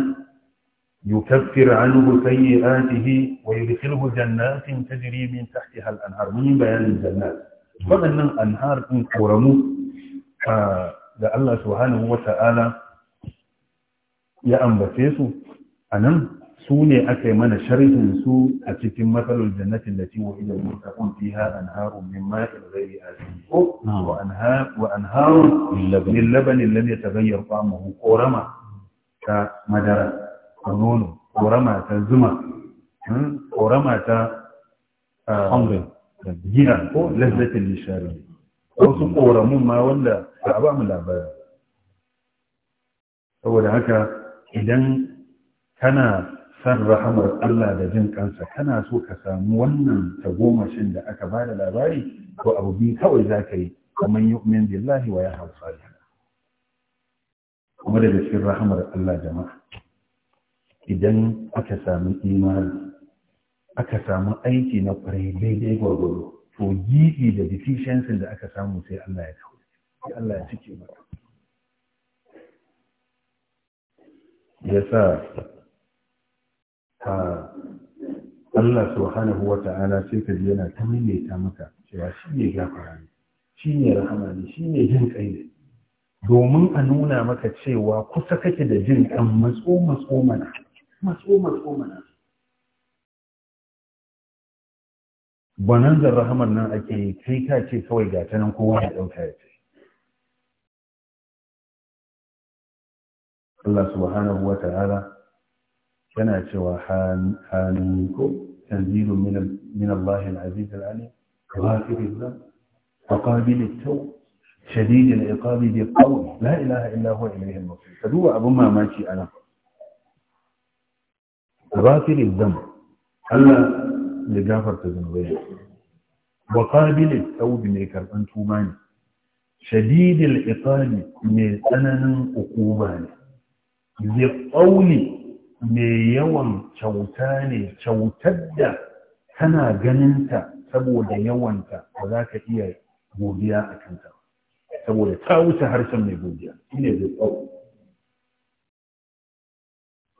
يكفر عنه سيئاته ويدخله جنات تجري من تحتها الانهار من بيان الجنات فمن انهار ان قرموا الله سبحانه وتعالى يا ام انم su ne aka yi mana sharhin su a cikin matsalar jannatin da ciwo ila mutaqun fiha anharun min ma'in zai asin ko wa an wa anharun min labanin lam yataghayyar ta'amuhu korama ta madara ta nono korama ta zuma hmm? korama ta amrin ah, giya ko lazzatin lishari wasu koramun ma wanda ba ba mu labari saboda haka idan kana san rahamar Allah da jin kansa kana so ka samu wannan tagomashin da aka ba da labari ko abu biyu kawai za ka yi kamar yu'min billahi wa yahab salih kuma daga cikin rahamar Allah jama'a idan aka samu imani aka samu aiki na kwarai daidai gwargwaro to gidi da deficiency da aka samu sai Allah ya kawo sai Allah ya cike maka yasa Allah subhanahu wa ta'ala sai ka ji yana ta maimaita maka cewa shi ne gafara ne shi ne rahama ne shi ne jin kai ne domin a nuna maka cewa kusa kake da jin kan matso matso mana matso matso mana bananzar rahamar nan ake yi kai ka ce kawai ga ta nan kowa ya ɗauka ya ce Allah subhanahu wa ta'ala كنا سوى حان tanzilu تنزيل من من aziz al-alim ghafir al وقابل التوب شديد العقاب بالقول لا إله إلا هو إليه المصير فدوا أبو ما ماشي أنا غافر الذنب ألا لغافر تذنبين وقابل التوب من كربان توماني شديد العقاب من انا أقوباني ذي القول mai yawan kyauta ne kyautar da kana ganinta saboda yawanta ba za ka iya godiya a kanta saboda ta wuce harshen mai godiya shine zai tsawo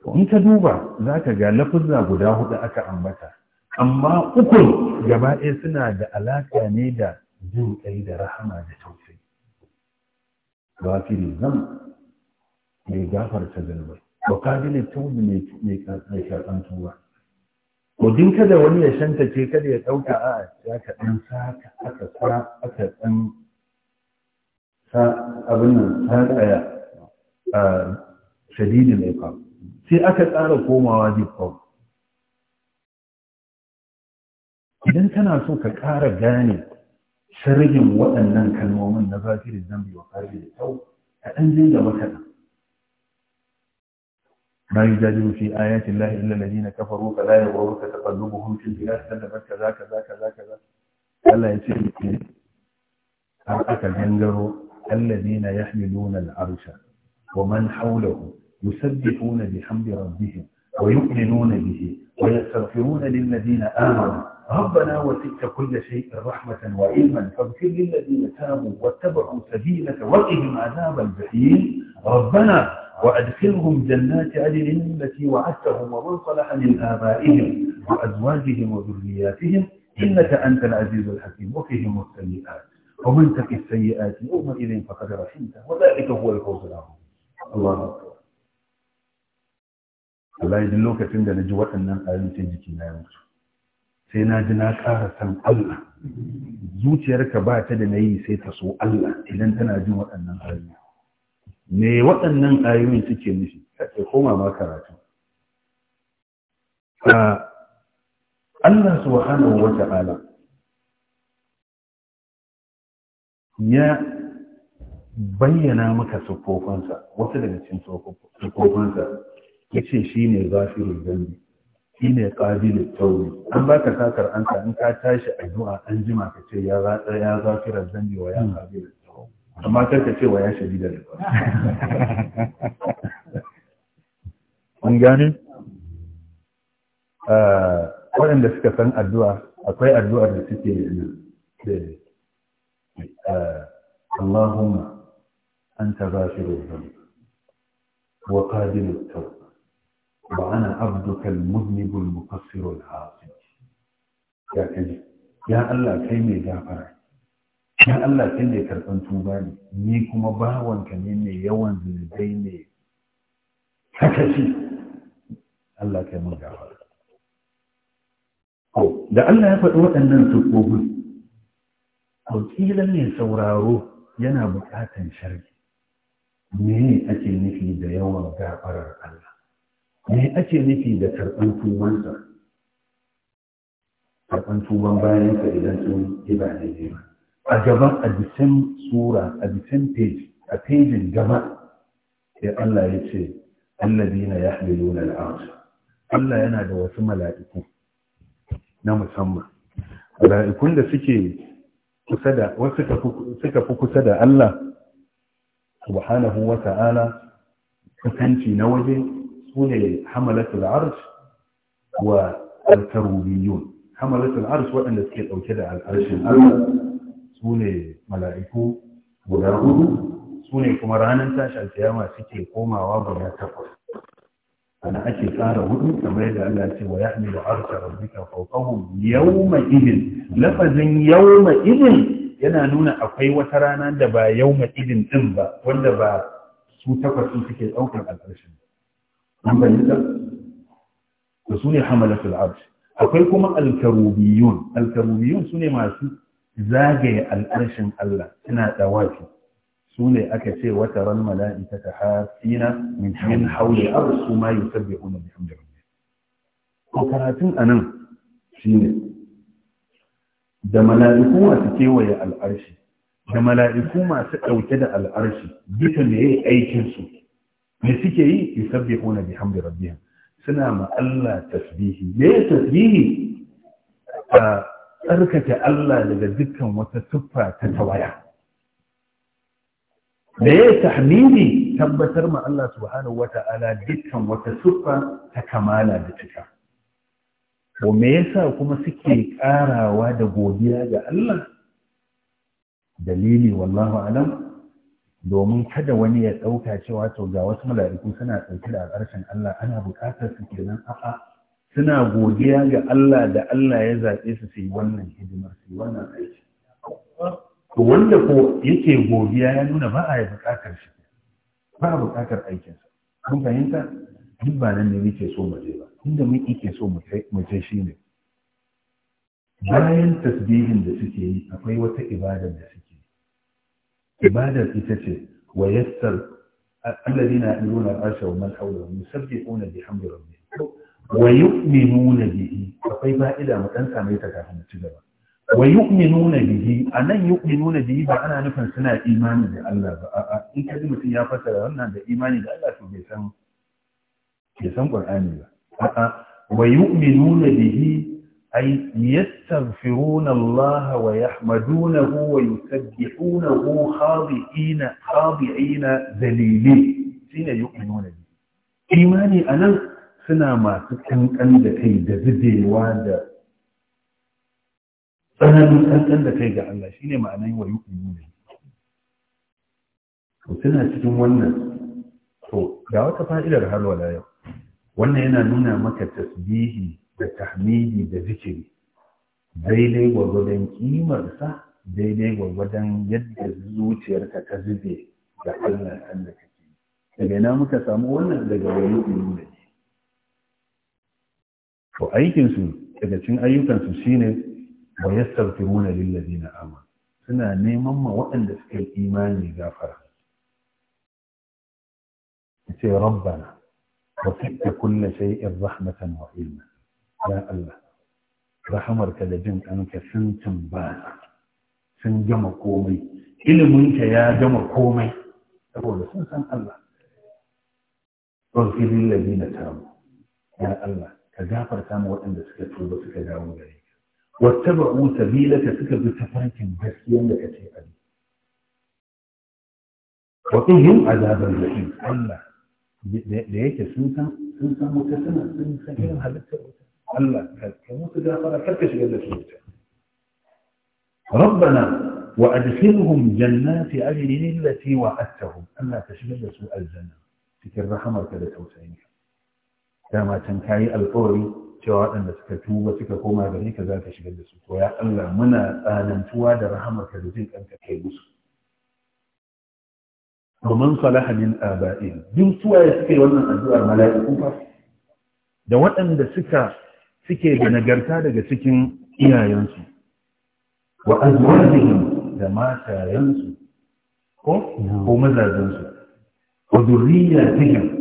to in ka duba za ka ga lafuzza guda hudu aka ambata amma uku gaba ɗaya suna da alaƙa ne da jin ƙai da rahama da tausayi ba fi zan mai gafarta zunubai ba kabilin tubi mai karɓar tuba Kudin kada wani ya shanta ke, kada ya ɗauka a ya ka ɗan sa aka sa aka ɗan sa abin nan sa ɗaya a shadidi mai kwa sai aka tsara komawa jikwa idan kana so ka ƙara gane sharrin waɗannan kalmomin na zafirin zambi wa ƙarfi da kyau ka ɗan jin da makaɗan ما يجادل في آيات الله إلا الذين كفروا فلا يغررك تقلبهم في البلاد كذا كذا كذا كذا كذا ألا يصير أرأك الجنجر الذين يحملون العرش ومن حوله يسبحون بحمد ربهم ويؤمنون به ويستغفرون للذين آمنوا ربنا وسعت كل شيء رحمة وعلما فاغفر للذين تابوا واتبعوا سبيلك وقهم عذاب الجحيم ربنا وأدخلهم جنات عدن التي وعدتهم ومن صلح من آبائهم وأزواجهم وذرياتهم إنك أنت العزيز الحكيم وفيهم السيئات ومن تك السيئات يومئذ فقد رحمته وذلك هو الفوز العظيم الله أكبر الله ya ji lokacin da na ji لا ayoyi سينا jiki آه mutu الله na ركبات na ƙara الله إذا zuciyarka ba ta da nayi sai me waɗannan ayoyin suke nufi sai koma ma karatu ah, Allah subhanahu wa ta'ala ya bayyana maka sufofansa wasu daga cikin sufofansa ya ce shi ne zafirin zambi shi ne ƙabilin tauri an ba ka sakar an in ka tashi addu'a an jima ka ce ya zafirar zambi wa ya ƙabilin amma karka cewa ya shabi da riba an gane ah, waɗanda suka san addu'a akwai addu'ar da suke da ah, Allahumma anta ghafirur dhanb wa qadirut tawb Ba ana abduka al-muznibul muqassirul ya kaji ya Allah kai mai gafara shi Allah sai mai karɓan tuba ne ni kuma bawanka ne mai yawan zunubai ne Haka sakaci Allah kai mun gafara ko da Allah ya faɗi waɗannan sukofin to kilan ne sauraro yana buƙatan sharhi me ne ake nufi da yawan gafarar Allah me ake nufi da karɓan tubansa karɓan tuban bayansa idan sun yi ba daidai ba a gaban a bisan sura a bisan page a page gaba sai Allah ya ce allazina yahmiluna al-arsh Allah yana da wasu mala'iku na musamman mala'ikun da suke kusa da wasu suka fi kusa da Allah subhanahu wa ta'ala kusanci na waje su ne hamalatul arsh wa al-karubiyun hamalatul arsh waɗanda suke ɗauke da arshin Allah su ne mala'iku guda hudu su ne kuma ranar tashi alkiyama suke komawa guda takwas ana ake tsara hudu kamar yadda Allah ce wa ya'ni wa arsa rabbika fawqahum yawma idin lafazin yawma idin yana nuna akwai wata rana da ba yawma idin din ba wanda ba su takwas su suke daukar alƙarshen an bayyana da su ne hamalatul arsh akwai kuma alkarubiyun alkarubiyun su ne masu zagaye al'arshin Allah suna dawafi su ne aka ce wata ran mala'ika ta hafina min haule ar su ma yi sabbi una bihamdi rabbi A karatun anan shine da mala'iku masu kewaye al'arshi da mala'iku masu ɗauke da al'arshi duka ne yayi aikin su me suke yi yi sabbi una da rabbi suna ma Allah tasbihi me tasbihi a tsarkake Allah daga dukkan wata siffa ta tawaya da ya tahmini, tabbatar ma Allah subhanahu ta'ala dukkan wata siffa ta kamala da cika ko me yasa kuma suke ƙarawa da godiya ga Allah dalili wallahu alam domin kada wani ya ɗauka cewa to ga wasu mala'iku suna ɗauke da al'arshen Allah ana buƙatar su kenan a'a suna godiya ga Allah da Allah ya zaɓe su su wannan hidimar su wannan aiki to wanda ko yake godiya ya nuna ba a yi buƙatar shi ba a buƙatar aikinsa kun fahimta duk ba nan ne muke so mu je ba inda mun ke so mu je shi ne bayan tasbihin da suke yi akwai wata ibada da suke ibadar ita ce wa yassar alladhina yad'una nuna arsha wa man hawlahu bi hamdu rabbi. ويؤمنون به فقيبا إلى متنسى ميتك أحد تجربة ويؤمنون به أنا يؤمنون به بأنا نفن سنة إيمان بالله إن كلمة يا فتر أنا بإيمان بالله في بيسان بيسان قرآن ويؤمنون به أي يستغفرون الله ويحمدونه ويسبحونه خاضعين خاضعين ذليلين سين يؤمنون به إيماني أنا suna masu kankan da kai da zubewa da tsananin kankan da kai ga Allah shine ma'anar wa yu'minu ne to suna cikin wannan to ga wata fa'idar har wala yau wannan yana nuna maka tasbihi da tahmidi da zikiri daidai gwagwadon kimarsa daidai gwagwadon yadda zuciyarka ta zube da Allah kan da kake daga ina muka samu wannan daga wani ne to aikinsu daga cikin ayyukansu shine wa yastaghfiruna lil ladina amanu suna neman ma waɗanda suka yi imani gafara ce rabbana wa fitta kulla shay'in rahmatan wa ilma ya Allah rahamarka da jin kanka sun tambaya sun gama komai iliminka ya gama komai saboda sun san Allah. Ɗauki lillabi na tamu, ya Allah, كذا كان مو عند سكت وبس كذا وذاك واتبعوا سبيلك سكت بالسفر كان بس يوم لك وقيهم عليه وفيهم عذاب الجحيم الله ليش سنسا سنسا متسمع سنسا كيف هذا الكلام الله كم كذا قال كركش قال لك ربنا وادخلهم جنات عدن التي وعدتهم اما تشمل سوء الجنه في الرحمه كذا توسعينها dama can yi alkawari cewa waɗanda suka tuba suka koma gare ka za ka shigar da su to ya Allah muna tsanantuwa da rahamarka da jin kanka kai musu domin salaha min aba'in duk suwaye suke wannan addu'ar mala'iku fa da waɗanda suka suke da nagarta daga cikin iyayensu wa azwajihim da matayensu ko ko mazajensu wa zurriyatihim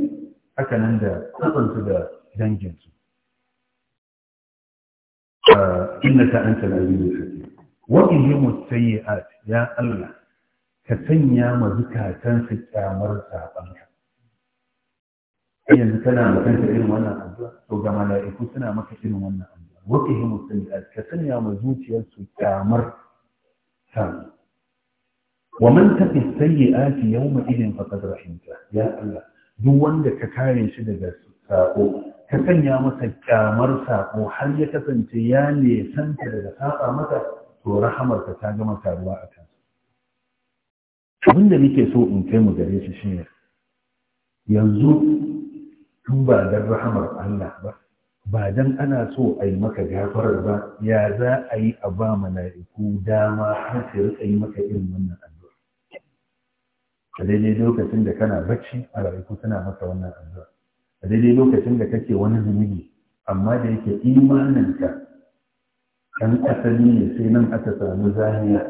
haka nan da kusansu da danginsu inna ta anta al hakim wa qihim as ya Allah ka sanya ma zukatan su kyamar sabanka yanzu kana ma kanka irin wannan addu'a to ga mala'iku suna maka irin wannan addu'a wa qihim as ka sanya ma zuciyar su kyamar sabanka ومن تقي السيئات يومئذ فقد رحمته يا الله duk wanda ka kare shi daga sako ka sanya masa kyamar sako har ya kasance ya nesanta daga saba mata to rahamarka ta gama taruwa a kan abin da nake so in kai mu gare shi shine yanzu tun ba dan rahamar Allah ba ba don ana so a yi maka gafarar ba ya za a yi a ba mala'iku dama har su rika yi maka irin wannan a daidai lokacin da kana bacci mala'iku suna maka wannan addu'a a daidai lokacin da kake wani zunubi amma da yake imaninka ɗan asali ne sai nan aka samu zaniya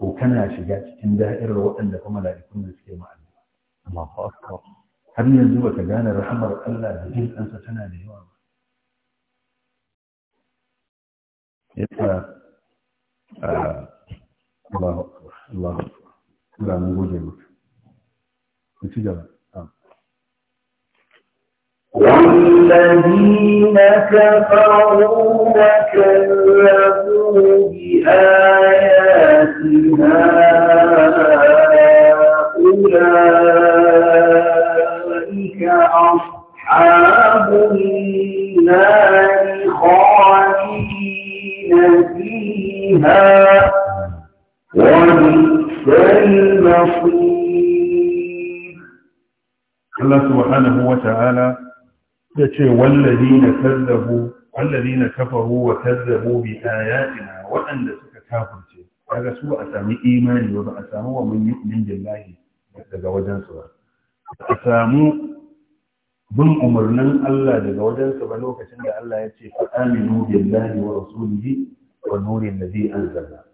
to kana shiga cikin da'irar waɗanda kuma mala'ikun da suke ma'addu'a Allahu akbar har yanzu baka gane rahamar Allah da jin kansa tana da yawa ba yasa Allahu akbar Allahu akbar Allah mun gode maka consider آه. والذين كفروا وكذبوا بآياتنا أولئك أصحاب النار خالدين فيها وبئس المصير Allah subhanahu wa ta'ala ya ce wallazi na kazzabu wallazi na kafaru wa kazzabu bi ayatina waɗanda suka kafirce daga su a sami imani ba a samu wa mun daga wajensu ba a samu bin umarnin Allah daga wajensu ba lokacin da Allah ya ce fa aminu billahi wa rasulihi wa nurin ladhi anzalna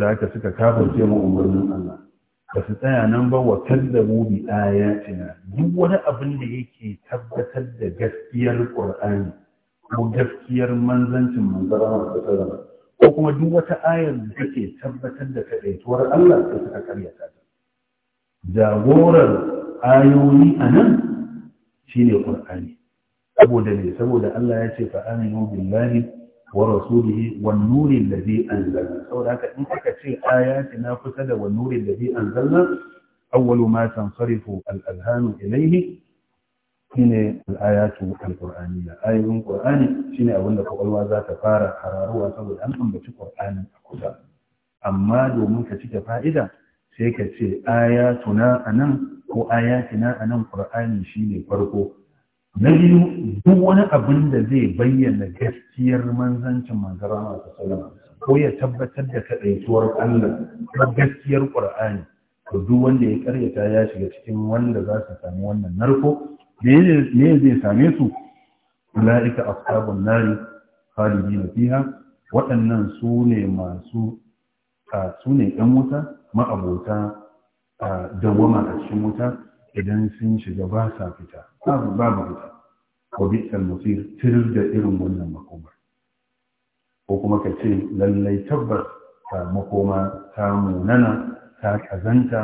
da haka suka kafirce mu umarnin Allah ba su tsaya nan ba wa kallabu bi ayatina duk wani abin da yake tabbatar da gaskiyar ƙur'ani ko gaskiyar manzancin manzara ko kuma duk wata ayar da take tabbatar da kaɗaituwar Allah sai suka karyata ta jagorar ayoyi a nan shine ƙur'ani saboda ne saboda Allah ya ce fa aminu billahi wa rasulihi wan nuri allazi anzalna saboda haka in aka ce ayati fina kusa da wan nuri allazi anzalna awwalu ma tansarifu al alhanu ilayhi shine al da al-qur'aniyya ayoyin qur'ani shine abinda kwakwalwa zata fara hararuwa saboda an ambaci qur'ani a kusa amma domin ka cike fa'ida sai ka ce ayatuna anan ko ayatina anan qur'ani shine farko na biyu duk wani abin da zai bayyana gaskiyar manzancin manzara masu salama ko ya tabbatar da kaɗaituwar Allah ta gaskiyar ƙur'ani to duk wanda ya karyata ya shiga cikin wanda za su sami wannan narko me zai same su ula'ika ashabun nari na fiha waɗannan su ne masu su ne ɗan wuta ma'abota a dawwama a cikin wuta idan sun shiga ba sa fita babu babu fita ko bi musir tirir da irin wannan makomar ko kuma ka ce lallai tabbas makoma ta munana ta kazanta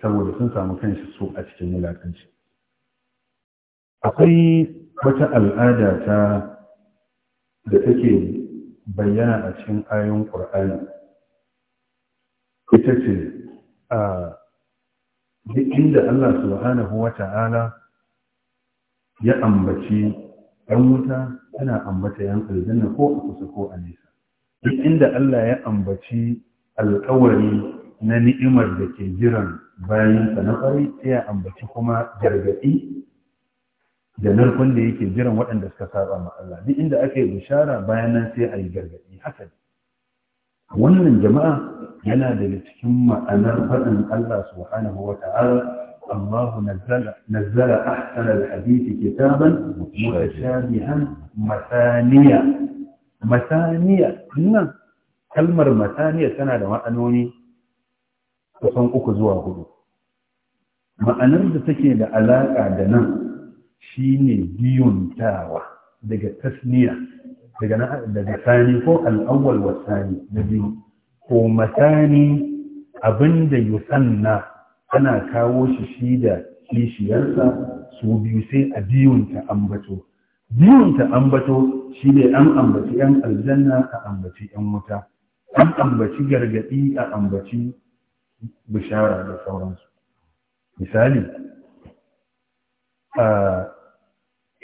saboda sun samu kanshi su a cikin wulakanci akwai wata al'ada ta da take bayyana a cikin ayon ƙur'ani ita ce a duk inda Allah subhanahu wa ta'ala ya ambaci ‘yan wuta tana ambata ‘yan aljanna ko a kusa ko a nesa. Duk inda Allah ya ambaci alkawari na ni'imar da ke jiran bayansa na ƙwari sai ya ambaci kuma gargaɗi da narkon da yake jiran waɗanda suka saba ma Allah. Duk inda aka yi bishara bayan nan sai a yi gargaɗi haka ne. wannan jama'a yana daga cikin ma'anar faɗin Allah subhanahu wa ta'ala الله نزل نزل احسن الحديث كتابا متشابها مثانية مثانية هنا كلمة مثانية تنا da ma'anoni kusan uku zuwa hudu ma'anar da take da alaka da nan shine biyuntawa daga tasniya daga daga sani ko al'awwal wa sani na biyu ko masani abinda yusanna ana kawo shi shi da kishiyarsa su biyu sai a biyunta ambato biyunta ambato shi ne an ambaci yan aljanna a ambaci yan wuta an ambaci gargadi a ambaci bishara da sauransu misali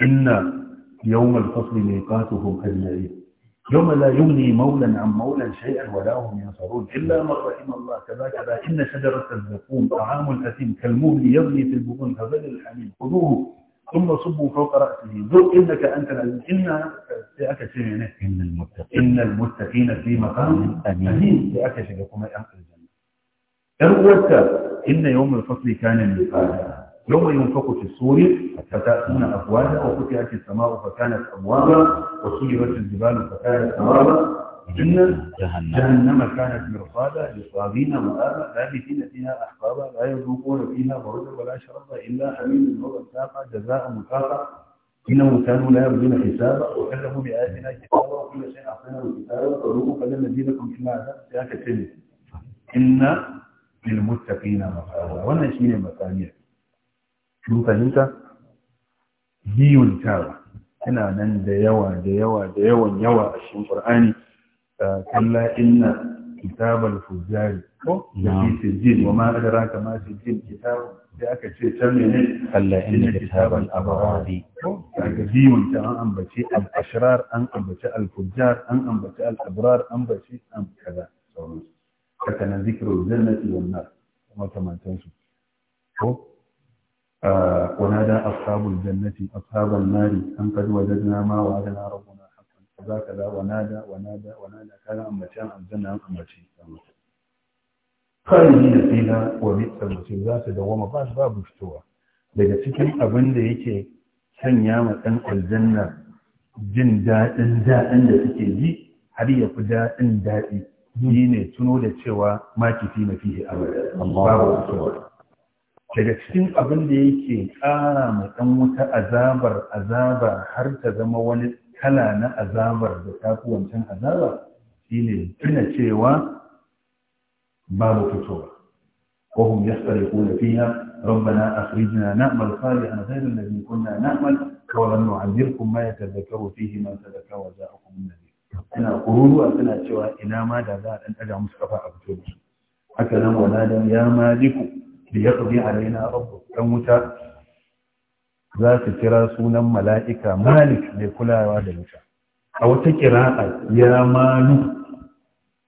inna يوم الفصل ميقاتهم أجمعين يوم لا يغني مولا عن مولا شيئا ولا هم ينصرون إلا من رحم الله كذا إن شجرة الزقوم طعام الأثيم كالمهل يغني في البطون كظل الحميم خذوه ثم صبوا فوق رأسه ذوق إنك أنت العزيز إن تأكشف يعني. إن المتقين إن المتقين في مقام أمين تأكشف لكم أهل الجنة إن يوم الفصل كان ميقاتا يوم ينفق في السور فتأتون أفواجا وفتحت السماء فكانت أبوابا وسجرت الجبال فكانت سرابا جنة جهنم, جهنم كانت مرصادا للطاغين مآبا لابثين فيها أحقابا لا يذوقون فيها بردا ولا شرابا إلا حميم وغساقا جزاء مكافا إنهم كانوا لا يرجون حسابا وكلموا بآياتنا كتابا وكل شيء أعطيناه كتابا فذوقوا فلن نزيدكم لكم إلا عذاب سياك إن للمتقين مفازا ونشين شيء mun fahimta tara. yana nan da yawa da yawa da yawan yawa a cikin qur'ani ah, kalla inna kitabal fujari ko da sijjin wa ma adraka ma sijjin kitab da aka ce can ne kalla inna kitabal abrari ko daga biyun ta an ambaci al ashrar an ambaci al fujar an ambaci al abrar an ambaci an kaza sauransu haka nan zikrul jannati wan kuma kamantansu ko ونادى أصحاب الجنة أصحاب النار أن قد وجدنا ما وعدنا ربنا حقا كذا كذا ونادى ونادى ونادى كان أمتان الجنة أمتي خالدين فيها وبئس المصير ذات دوما باش babu fitowa. daga cikin abin da yake sanya ma ɗan aljanna jin daɗin daɗin da suke ji har ya fi daɗin daɗi shi ne tuno da cewa maki fi na fitowa daga cikin abin da yake kara mai dan wuta azabar azaba har ta zama wani kala na azabar da ta fi wancan azaba shine tuna cewa babu fitowa ko hum yasari ko da fiya rabbana akhrijna na'mal salihan ghayra alladhi kunna na'mal kawalan nu'ajirkum ma yatadhakkaru fihi man tadhakkara wa ja'akum an-nabi ina kururu a tana cewa ina ma da za a dan daga musu kafa a fito da su haka nan wala dan ya maliku da ya tsabi a raina ɗan wuta za su kira sunan mala'ika malik mai kulawa da wuta a wata kira'a ya malu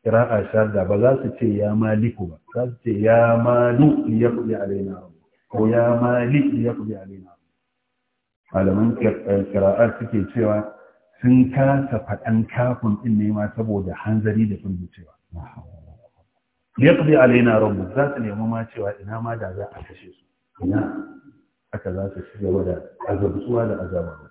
kira'a sharda ba za su ce ya maliku ba za su ce ya malu ya tsabi a raina ko ya mali ya tsabi a raina Malamin kira'ar suke cewa sun kasa faɗan kafin ɗin nema saboda hanzari da sun cewa ya alaina rabu za su nemi ma cewa ina ma da za a kashe su ina aka za su ci gaba da azabtuwa da azaba wata?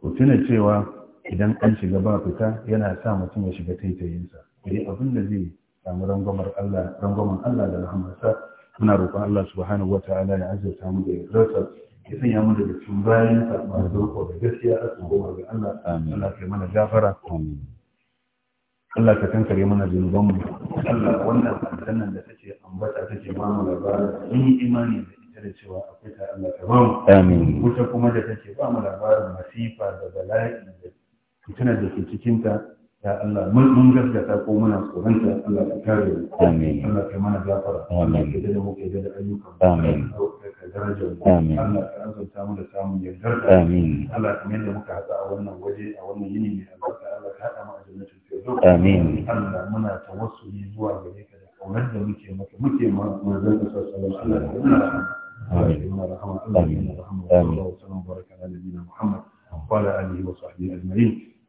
to tuna cewa idan an shiga ba fita yana sa mutum ya shiga taitayinsa yayi abin da zai samu rangwamar Allah rangwamar Allah da muna roƙon Allah subhanahu wataala ya azurta mu da yardarsa ya sanya mu da cikin bayan sa da da gaskiya a tsoro ga Allah Allah ya mana gafara amin Allah ka kankare mana mu Allah wannan aljannan da take ambata take ma mu labarin in imani da ita da cewa akwai ta Allah ta ba mu amin wuta kuma da take ba mu labarin masifa da bala'i da fitinar da ke cikin ta ya Allah mun gaskata ko muna tsoronta Allah ka kare mu amin Allah ka mana gafara amin ka da muke da ayyuka amin ka daraja mu amin Allah ka azurta mu da samun yardar amin Allah ka mai da muka hada a wannan waje a wannan yini mai albarka Allah ka hada mu a jannatin firdaus amin Allah muna tawassuli zuwa gare ka da kaunar da muke maka muke ma manzon ka sallallahu alaihi wasallam Allah ka muna rahama Allah ka muna rahama Allah ka muna rahama wa sallallahu alaihi wa sallam baraka ala nabiyina Muhammad wa ala alihi wa sahbihi ajma'in